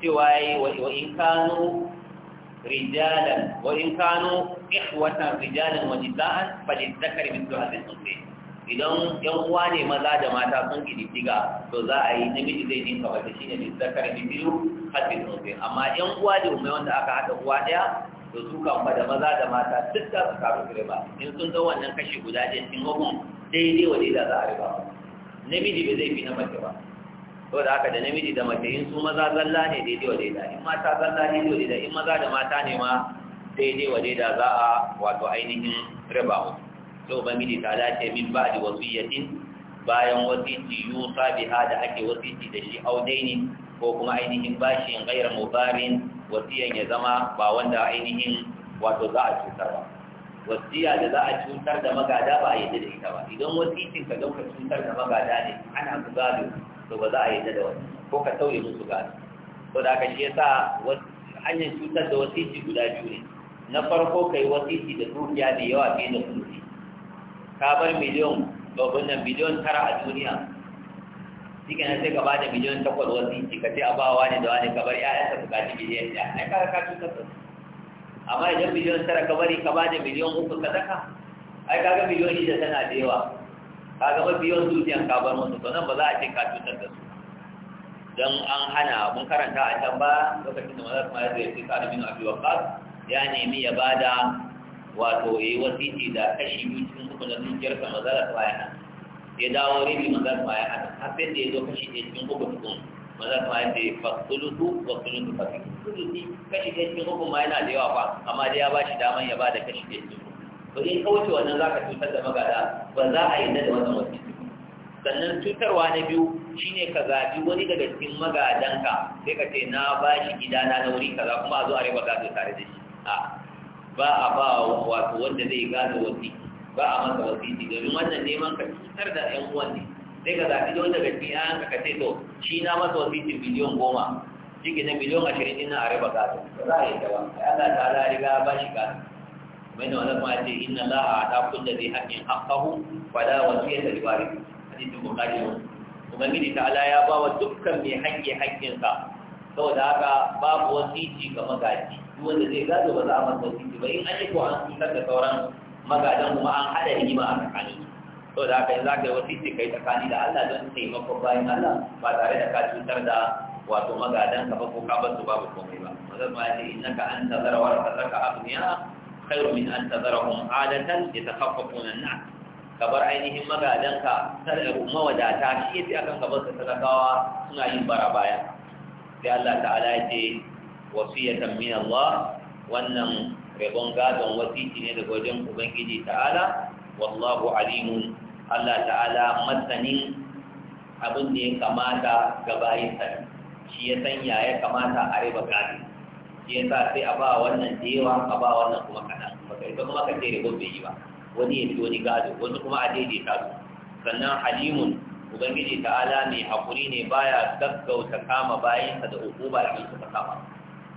cewa yi wa in kanu rijalan wa in kanu ihwatan rijalan wa nisaan fa falizzakari mithlu hadin sun unsayn idan yan uwa ne maza da mata sun kididdiga to za a yi namiji zai dinka wata shine ne zakar ni biyu hadin nobe amma yan uwa da umai wanda aka hada uwa daya to su kan da maza da mata duk da su karu riba in sun ga wannan kashi guda ɗaya cikin hukun daidai wa daidai za a riba namiji ba zai fi na mace ba to da haka da namiji da mace in su maza zalla ne daidai wa daidai in mata zalla ne daidai wa daidai in maza da mata ne ma daidai wa daidai za a wato ainihin riba mu. sai ubangiji ta dace min ba da wasiyyatin bayan wasiyyaci yusa biha da ake wasiyyaci da shi audaini ko kuma ainihin bashin gaira mubarin wasiyan ya zama ba wanda ainihin wato za a cutar ba wasiya da za a cutar da magada ba a yadda da ita ba idan wasiyyakin ka dauka cutar da magada ne ana ku gado to ba za a yadda da wani ko ka tauye musu gado to da ka shi sa hanyar cutar da wasiyyaci guda biyu ne na farko kai wasiyyaci da dukiya da yawa fiye da kuɗi ka bar miliyon babban nan miliyon tara a duniya shi kenan sai ka ba da miliyon takwas wasu ce ka ce a ba wa ne da wani ka bar ƴaƴansa su gaji miliyan ɗaya ai ka ka cuta da su amma idan miliyon tara ka bari ka ba da miliyon uku ka daka ai ka ga miliyon shida tana da yawa ka ga mabiyon dukiyan ka bar wasu to nan ba za a ce ka cuta da su don an hana mun karanta a can ba lokacin da mazar kuma ya zai fi sa'adu bin abu waqas ya nemi ya bada wato ya wasi wasiti da kashi biyu cikin uku na dukiyar ka maza da baya hana ya dawo ribi maza da baya hana har da ya zo kashi ɗaya cikin uku cikin maza da baya sai fa sulutu wa sulutu kulu sulutu kashi ɗaya cikin uku ma yana da yawa ba, amma dai ya ba shi daman ya ba da kashi ɗaya cikin uku to in wuce wannan za ka cutar da magada ba za a yi da wannan wasi sannan cutarwa na biyu shine ka zaɓi wani daga cikin magadanka sai ka ce na ba shi na nauri kaza kuma a zo a riba gado tare da shi ba a ba wato wanda zai gada wasi ba a masa wasiti domin wannan neman ka cutar da yan uwan ne sai ka zaɓi don daga cikin an ka kace to shi na masa wasitin miliyon goma ciki na miliyon ashirin ina a raba gado ba za a yi dawa ai Allah ta ala riga ba shi gado mai da wani kuma ce inna la a ta kulla zai haƙƙin haƙƙahu wa la wasiyar da a cikin bukari ne mini ta ala ya ba wa dukkan mai haƙƙi haƙƙinsa saboda haka babu wasiti ga magaji wanda zai gado ba za a masa wasu ba in an yi ko an cutar da sauran magadan kuma an haɗa rigima a tsakani to da haka yi za yi wasu kai tsakani da Allah don taimakon bayan Allah ba tare da ka cutar da wato magadan ka ba ko ka su babu komai ba wanda ma yace innaka anta zara wa rasaka abniya khairu min an tadarahum adatan yatakaffafuna an Ka kabar ainihin magadan ka sarrafa mawadata shi yace akan gaban ka talakawa suna yin bara baya sai Allah ta'ala ya ce wasiyatan min Allah wannan rabon gadon wasiki ne daga wajen ubangiji ta'ala wallahu alimun Allah ta'ala matsanin abin da ya kamata ga bayin sa shi ya sanya ya kamata a riba gadi shi ya sa sai a ba wannan da yawa a ba wannan kuma kaɗan baka ita kuma ka ce rabon bai yi ba wani ya ci wani gado wani kuma a daidaita su sannan halimun ubangiji ta'ala mai haƙuri ne baya gaggauta kama bayinsa da hukumar abin suka kama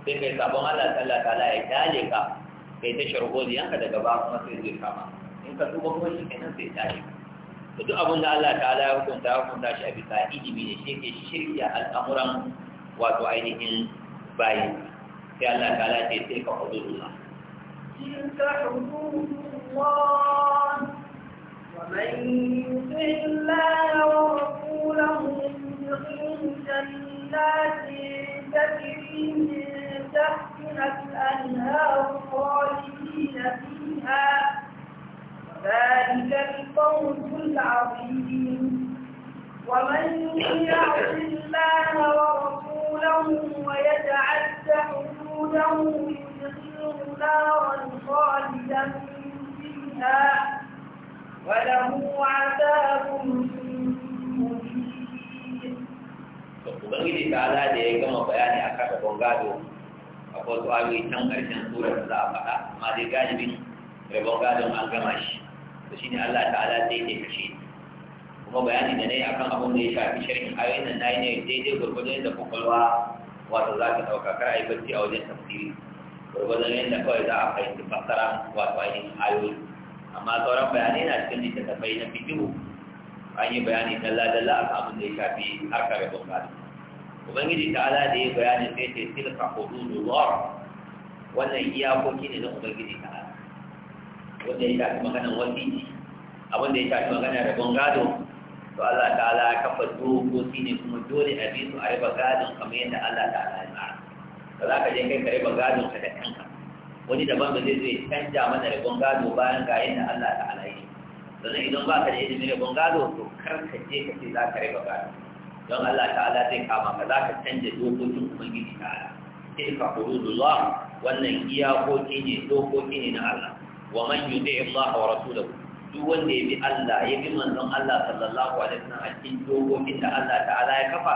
sai mai sabon Allah sallallahu ta'ala ya dale ka kai ta sharholiyanka daga ba kuma sai zai kama in ka tuba kuma shi kenan sai dale ka da duk abin da Allah ta'ala ya hukunta ya hukunta shi a bisa ilimi ne shi ke shirya al'amuran wato ainihin bayi sai Allah ta'ala ce sai ka hudurullah تلك ومن يطع الله ورسوله يدخله جنات تجري من تحتها الأنهار خالدين فيها ذلك الفوز العظيم ومن يعص الله ورسوله ويتعد حدوده يدخله نارا خالدا فيها وله عذاب ubangiji ta ala da ya gama bayani a kasa bongado a wasu ayoyi can ƙarshen tura da za a faɗa amma dai galibin rabon bongado an gama shi to shi ne allah ta ala zai ne kashe kuma bayani da na a kan abin da ya shafi sharhin ayoyin nan na yi ne daidai gwargwadon yadda kwakwalwa wato za ka ɗauka kar a yi barci a wajen tafsiri gwargwadon yadda kawai za a fahimci fassara wato ainihin ayoyi amma sauran bayanai na cikin littattafai na fikihu an yi bayani dalla-dalla a abin da ya shafi harkar rabon gadon ubangiji ta'ala da ya bayani sai ce tilka hududullah wannan iyakoki ne na ubangiji ta'ala wanda ya a maganar wasiji abin da ya shafi maganar rabon gado to Allah ta'ala ya kafa dokoki ne kuma dole a bi su a riba gadon kamar yadda Allah ta'ala ya tsara ba za ka je kai ka riba gadon ka da kanka wani daban ba zai zai canja mana rabon gado bayan ga yadda Allah ta'ala ya yi sannan idan ba ka da ilimin rabon gado to kar ka je ka ce za ka raba gado don Allah ta'ala zai kama ka za ka canja dokokin ubangiji ta'ala tilka hududullah wannan iyakoki ne dokoki ne na Allah wa man yuti Allah wa rasulahu duk wanda ya bi Allah ya bi manzon Allah sallallahu alaihi wasallam a cikin dokokin da Allah ta'ala ya kafa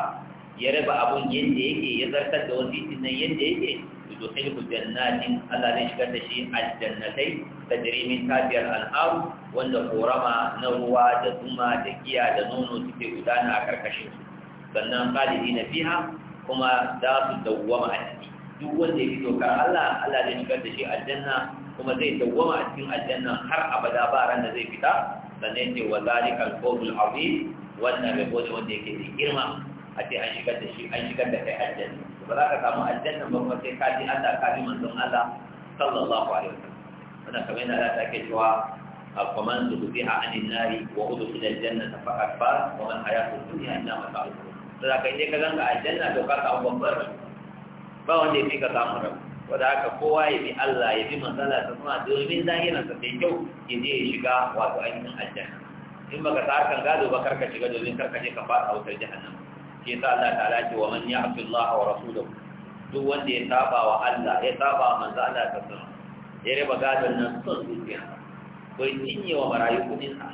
ya raba abun yadda yake ya zartar da wasitin nan yadda yake to sai ku jannatin Allah zai shigar da shi aljannatai tajri min tahtiha al-anhar wanda korama na ruwa da zuma da giya da nono suke gudana a karkashin su sannan khalidina fiha kuma za su dawwama a ciki duk wanda ya fito kar Allah Allah zai shigar da shi aljanna kuma zai dawwama a cikin aljanna har abada ba ran da zai fita sannan ce wa zalika al-qawlul azim wannan rabo ne wanda yake da girma a ce an shigar da shi an shigar da kai aljanna ba za ka samu aljanna ba kuma sai ka ji Allah ka ji manzon Allah sallallahu alaihi wasallam wannan kamar yana da take cewa فمن زهزها عن النار وأدخل الجنة فقد فاز ومن حياة الدنيا إلا متاع الغرور da za ka inda ka zanga aljanna to ka samu babban ba wanda ya fi ka samu rabu wadda haka kowa ya bi Allah ya bi matsala ta kuma domin zahiransa mai kyau ya je ya shiga wato ainihin aljanna in baka sa harkan gado ba karka shiga domin karka je ka fada wutar jahannam shi sa Allah ta ce wa man ya'fi Allah wa Rasuluhu. duk wanda ya saba wa Allah ya saba manzo Allah ta sunna ya raba gadon nan son zuciya ko ya cinye wa marayu kudin sa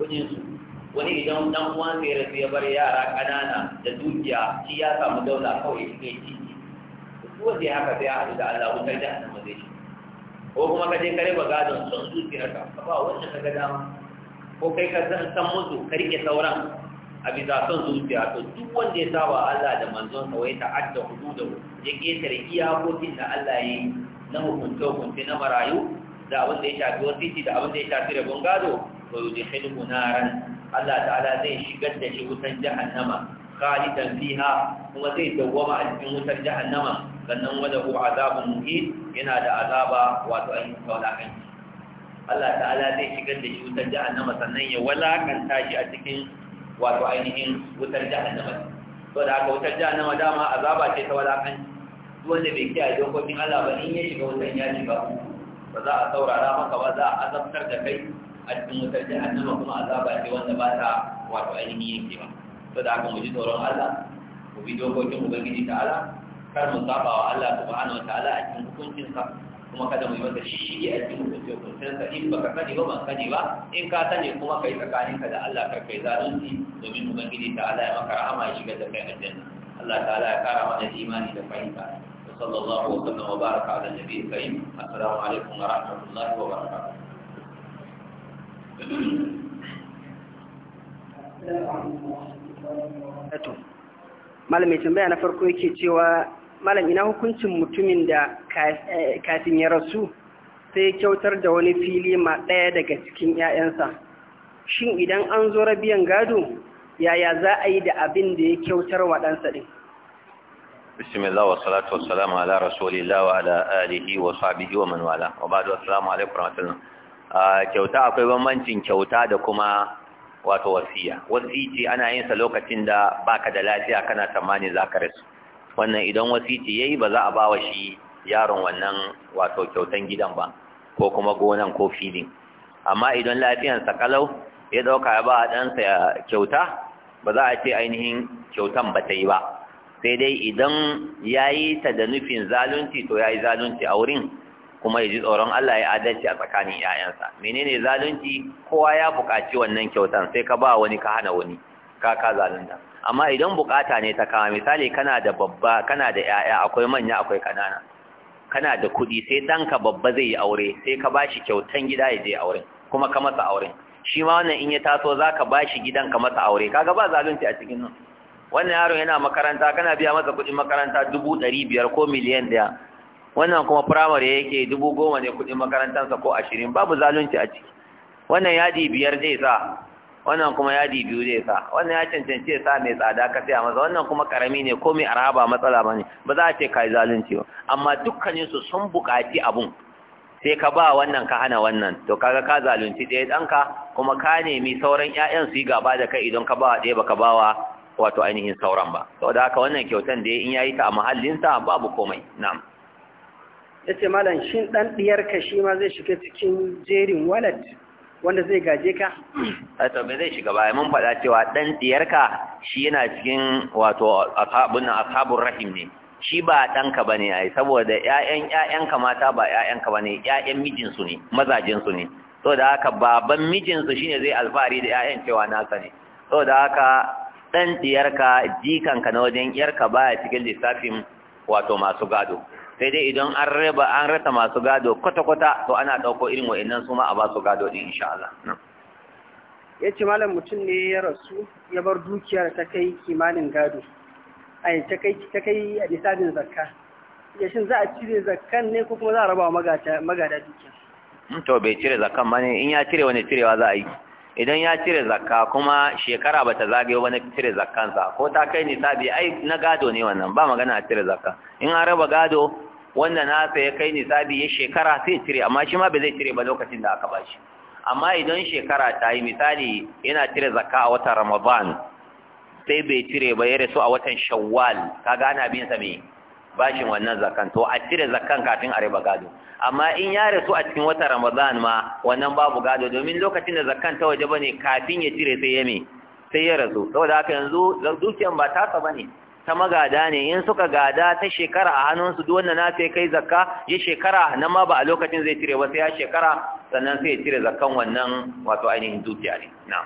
kudin su wani idan dan uwan sai rasu ya bar yara ƙanana da dukiya shi ya samu daula kawai shi ne ci su wace haka sai a haɗu da Allah wutar da annabi zai shi ko kuma ka je ka ba gadon son zuciyarka ka ba wanda ka ga dama ko kai ka san musu ka rike sauran a bisa son zuciya to duk wanda ya saba Allah da manzon sa wai ta'adda hududahu ya ketare iyakokin da Allah ya yi na hukunta hukunta na marayu da abin da ya shafi wasiti da abin da ya shafi rabon gado to yudhiluhu naran Allah ta'ala zai shigar da shi wutar jahannama khalidan fiha kuma zai dawwama a cikin wutar jahannama sannan wada hu azabun muhit yana da azaba wato ayin saulakan Allah ta'ala zai shigar da shi wutar jahannama sannan ya walakanta shi a cikin wato ainihin wutar jahannama to da aka wutar jahannama dama azaba ce ta wala walakan wanda bai kiyaye dokokin Allah ba in ya shiga wutar ya shiga ba za a saurara maka ba za a azabtar da kai a cikin wutar jahannama kuma azaba ce wanda ba ta wato ainihin ba. to da aka muji tsoron Allah ku bi dokokin ubangiji Allah, kar mu saba wa Allah subhanahu wa ta'ala a cikin sa kuma kada mu yi masa shi a cikin hukunci hukuncin sa in baka sani ba ban sani ba in ka sani kuma kai tsakaninka da Allah kar kai zalunci domin ubangiji Allah ya maka rahama ya shiga da kai aljanna Allah ta'ala ya kara mana imani da fahimta sallallahu alaihi wa sallam wa baraka ala nabiyyi karim assalamu alaikum wa rahmatullahi wa barakatuh malam mai tambaya na farko yake cewa malam ina hukuncin mutumin da eh, kafin ya rasu sai kyautar da wani fili ma ɗaya daga cikin 'ya'yansa shin idan an zo rabiyan gado yaya za a yi da abin da ya kyautar wa ɗansa ɗin bismillah wa salatu wa salamu ala rasulillah wa ala alihi wa sahbihi wa man wala wa ba'du assalamu alaikum wa rahmatullah kyauta akwai bambancin kyauta da kuma wato wasiya wasici ana yin sa lokacin da baka da lafiya kana tsammani ka rasu wannan idan wasici yayi ba za a ba wa shi yaron wannan wato kyautan gidan ba ko kuma gonan ko filin amma idan sa kalau ya dauka ya ba ɗansa kyauta ba za a ce ainihin kyautan ba ta yi ba sai dai idan yayi ta da nufin zalunci to yayi zalunci a wurin kuma ya ji tsoron Allah ya adalci a tsakanin ‘ya'yansa menene zalunci kowa ya buƙaci wannan kyautan sai ka ba wani ka hana wani ka ka zalunta amma idan buƙata ne ta kama misali kana da babba kana da ‘ya'ya akwai manya akwai kanana kana da kuɗi sai ɗanka babba zai yi aure sai ka ba shi kyautan gida ya je auren kuma ka masa auren shi ma wannan in ya taso za ka ba shi gidan ka masa aure kaga ba zalunci a cikin nan wannan yaron yana makaranta kana biya masa kuɗin makaranta dubu ɗari biyar ko miliyan ɗaya wannan kuma firamare yake dubu goma ne kuɗin makarantarsa ko ashirin babu zalunci a ciki wannan yadi biyar zai sa wannan kuma yadi biyu zai sa wannan ya cancanci ya sa mai tsada ka saya masa wannan kuma karami ne ko mai araba matsala ba ne ba za a ce ka yi zalunci ba amma dukkaninsu sun buƙaci abun sai ka ba wannan ka hana wannan to kaga ka zalunci ɗaya ɗanka kuma ka nemi sauran ƴaƴan su yi gaba da kai idan ka ba ɗaya baka ba wa wato ainihin sauran ba saboda haka wannan kyautan da in yayi ta a muhallinsa babu komai na'am ya ce malam shi ɗan ɗiyarka shi ma zai shiga cikin jerin walat wanda zai gaje ka? to me zai shiga bayan mun faɗa cewa ɗan ɗiyarka shi yana cikin wato asabun rahim ne shi ba ɗanka ba ne yi saboda ‘ya'yan ‘ya'yanka mata ba ‘ya'yanka ba ne ‘ya'yan mijinsu ne mazajensu ne so da haka baban mijinsu shi ne zai alfahari da ‘ya'yan cewa nasa ne so da haka ɗan ɗiyarka jikanka na wajen ‘yarka baya cikin lissafin wato masu gado sai dai idan an raba an rasa masu gado kwata-kwata to ana ɗauko irin wa'annan su ma a ba su gado ɗin insha Allah. Ya ce malam mutum ne ya rasu ya bar dukiyar ta kai kimanin gado, a ta kai ta kai a misalin zakka. Ya shi za a cire zakkan ne ko kuma za a raba wa magada dukiyar? Hmm, to bai cire zakkan ba ne in ya cire wani cirewa za a yi. Idan ya cire zakka kuma shekara bata ta ba wani cire zakkansa ko ta kai nisabi ai na gado ne wannan ba magana a cire zakka. In an raba gado Wannan na nasa ya kai nisabi ya shekara sai cire amma shi ma ba zai cire ba lokacin da aka ba shi amma idan shekara ta yi misali yana cire zakka a watan ramadan sai bai cire ba ya rasu a watan shawwal ka gana bin sa me bashin wannan zakkan to a cire zakkan kafin a riba gado amma in ya rasu a cikin watan ramadan ma wannan babu gado domin lokacin da zakan ta waje bane kafin ya cire sai ya me sai ya rasu saboda haka yanzu dukiyan ba tasa bane ta magada ne in suka gada ta shekara a hannunsu duk wanda na sai kai zakka ya shekara nan ma ba a lokacin zai cire ba sai ya shekara sannan sai ya cire zakkan wannan wato ainihin dukiya ne na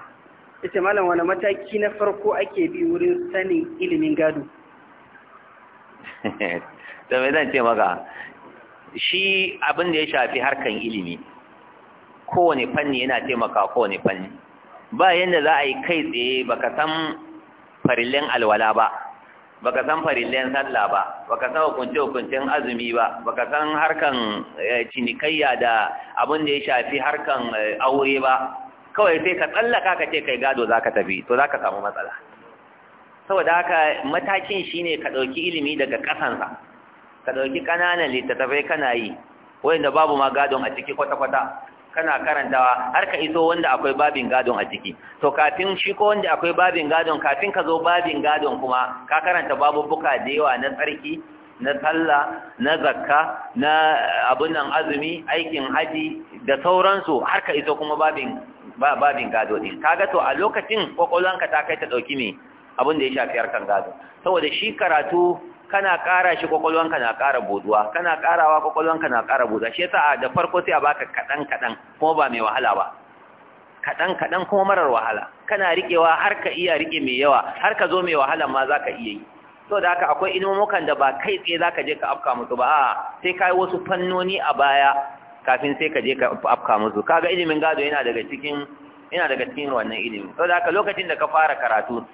ita malam wani mataki na farko ake bi wurin sanin ilimin gado da mai zan ce maka shi abin da ya shafi harkan ilimi kowane fanni yana taimaka kowane fanni ba yadda za a yi kai tsaye baka san farillin alwala ba baka san farillen sallah ba baka san hukunce-hukuncen azumi ba baka san harkan eh, cinikayya da abin da ya shafi harkan eh, aure ba kawai sai ka tsallaka ka ce kai gado za ka tafi to za ka samu matsala saboda haka matakin shine ka ɗauki ilimi daga ƙasansa ka ɗauki ƙananan littattafai kana yi wanda babu ma gadon a ciki kwata-kwata kana karantawa har ka iso wanda akwai babin gadon a ciki to kafin shi ko wanda akwai babin gadon kafin ka zo babin gadon kuma ka karanta babubuka da yawa na tsarki na sallah na zakka na abun azumi aikin haji da sauransu har ka iso kuma babin babin gado din kaga to a lokacin kwakwalwanka ta kai ta dauki me abin da ya shafi harkan gado saboda shi karatu kana ƙara shi kwakwalwanka na ƙara buɗuwa? kana ƙarawa kwakwalwanka na ƙara buduwa shi yasa da farko sai a baka kaɗan kaɗan kuma ba mai wahala ba kaɗan kaɗan kuma marar wahala kana riƙewa har ka iya riƙe mai yawa har ka zo mai wahala ma za ka iya yi so da haka akwai ilmomukan da ba kai tsaye za ka je ka afka musu ba a'a sai ka yi wasu fannoni a baya kafin sai ka je ka afka musu kaga ilimin gado yana daga cikin yana daga cikin wannan ilimin To da haka lokacin da ka fara karatu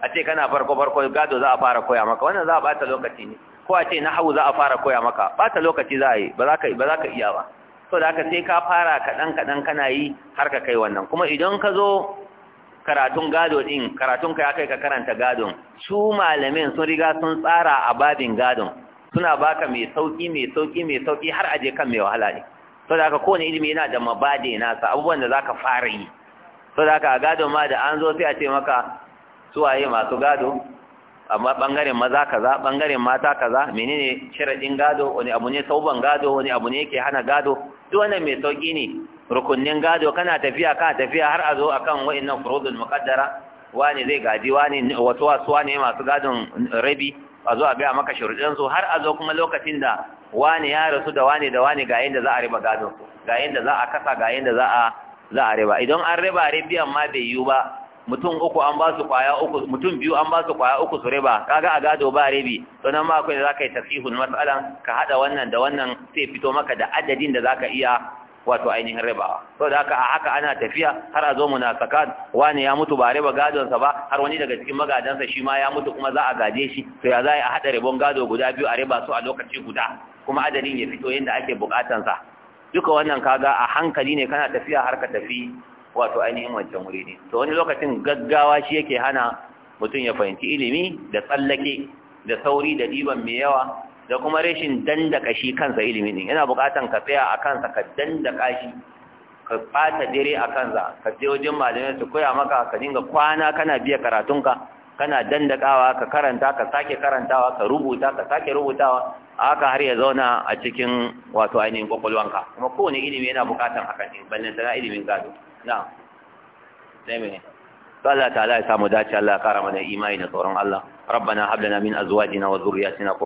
a ce kana farko farko gado za a fara koya maka wannan za a bata lokaci ne ko a ce hau za a fara koya maka bata lokaci za a yi ba za ka iya ba to da haka sai ka fara kaɗan kaɗan kana yi har ka kai wannan kuma idan ka zo karatun gado din karatun ka ya kai ka karanta gado su malamin sun riga sun tsara a babin gado suna baka mai sauki mai sauki mai sauki har aje kan mai wahala ne to da haka kowane ilimi yana da mabade nasa abubuwan da zaka fara yi to da haka a gado ma da an zo sai a ce maka suwaye masu gado amma bangaren maza kaza bangaren mata kaza menene sharadin gado wani abu ne sauban gado wani abu ne yake hana gado duk wannan mai sauki ne rukunnin gado kana tafiya kana tafiya har a zo akan wa'annan furudul muqaddara wani zai gaji wani wato wasuwa ne masu gadon rabi a zo a ga maka sharuɗin su har a zo kuma lokacin da wani ya rasu da wani da wani ga yanda za a riba gado, ga yanda za a kasa ga yanda za a za a riba idan an riba rabiyan ma bai yiwu ba mutum uku an ba su kwaya uku mutum biyu an ba su kwaya uku su riba kaga a gado ba ribi, to nan ma akwai da zaka yi tasihul matsalan ka hada wannan da wannan sai fito maka da adadin da zaka iya wato ainihin ribawa so da haka a haka ana tafiya har a zo munafikat wani ya mutu ba riba gadon sa ba har wani daga cikin magadansa shi ma ya mutu kuma za a gaje shi to ya zai a haɗa ribon gado guda biyu a riba su a lokaci guda kuma adadin ya fito yadda ake bukatansa duka wannan kaga a hankali ne kana tafiya har ka tafi wato ainihin wancan wuri ne to wani lokacin gaggawa shi yake hana mutum ya fahimci ilimi da tsallake da sauri da ɗiban mai yawa da kuma rashin dandaka shi kansa ilimi ne. yana buƙatan ka tsaya a kansa ka dandaka shi ka ɓata dare a kansa ka je wajen malamai su koya maka ka dinga kwana kana biya karatunka kana dandakawa ka karanta ka sake karantawa ka rubuta ka sake rubutawa haka har ya zauna a cikin wato ainihin kwakwalwanka kuma kowane ilimi yana buƙatan hakan ne balle sana ilimin gado na sai mai to Allah ya samu dace Allah ya kara mana imani da tsoron Allah ربنا هب لنا من ازواجنا وذرياتنا قرة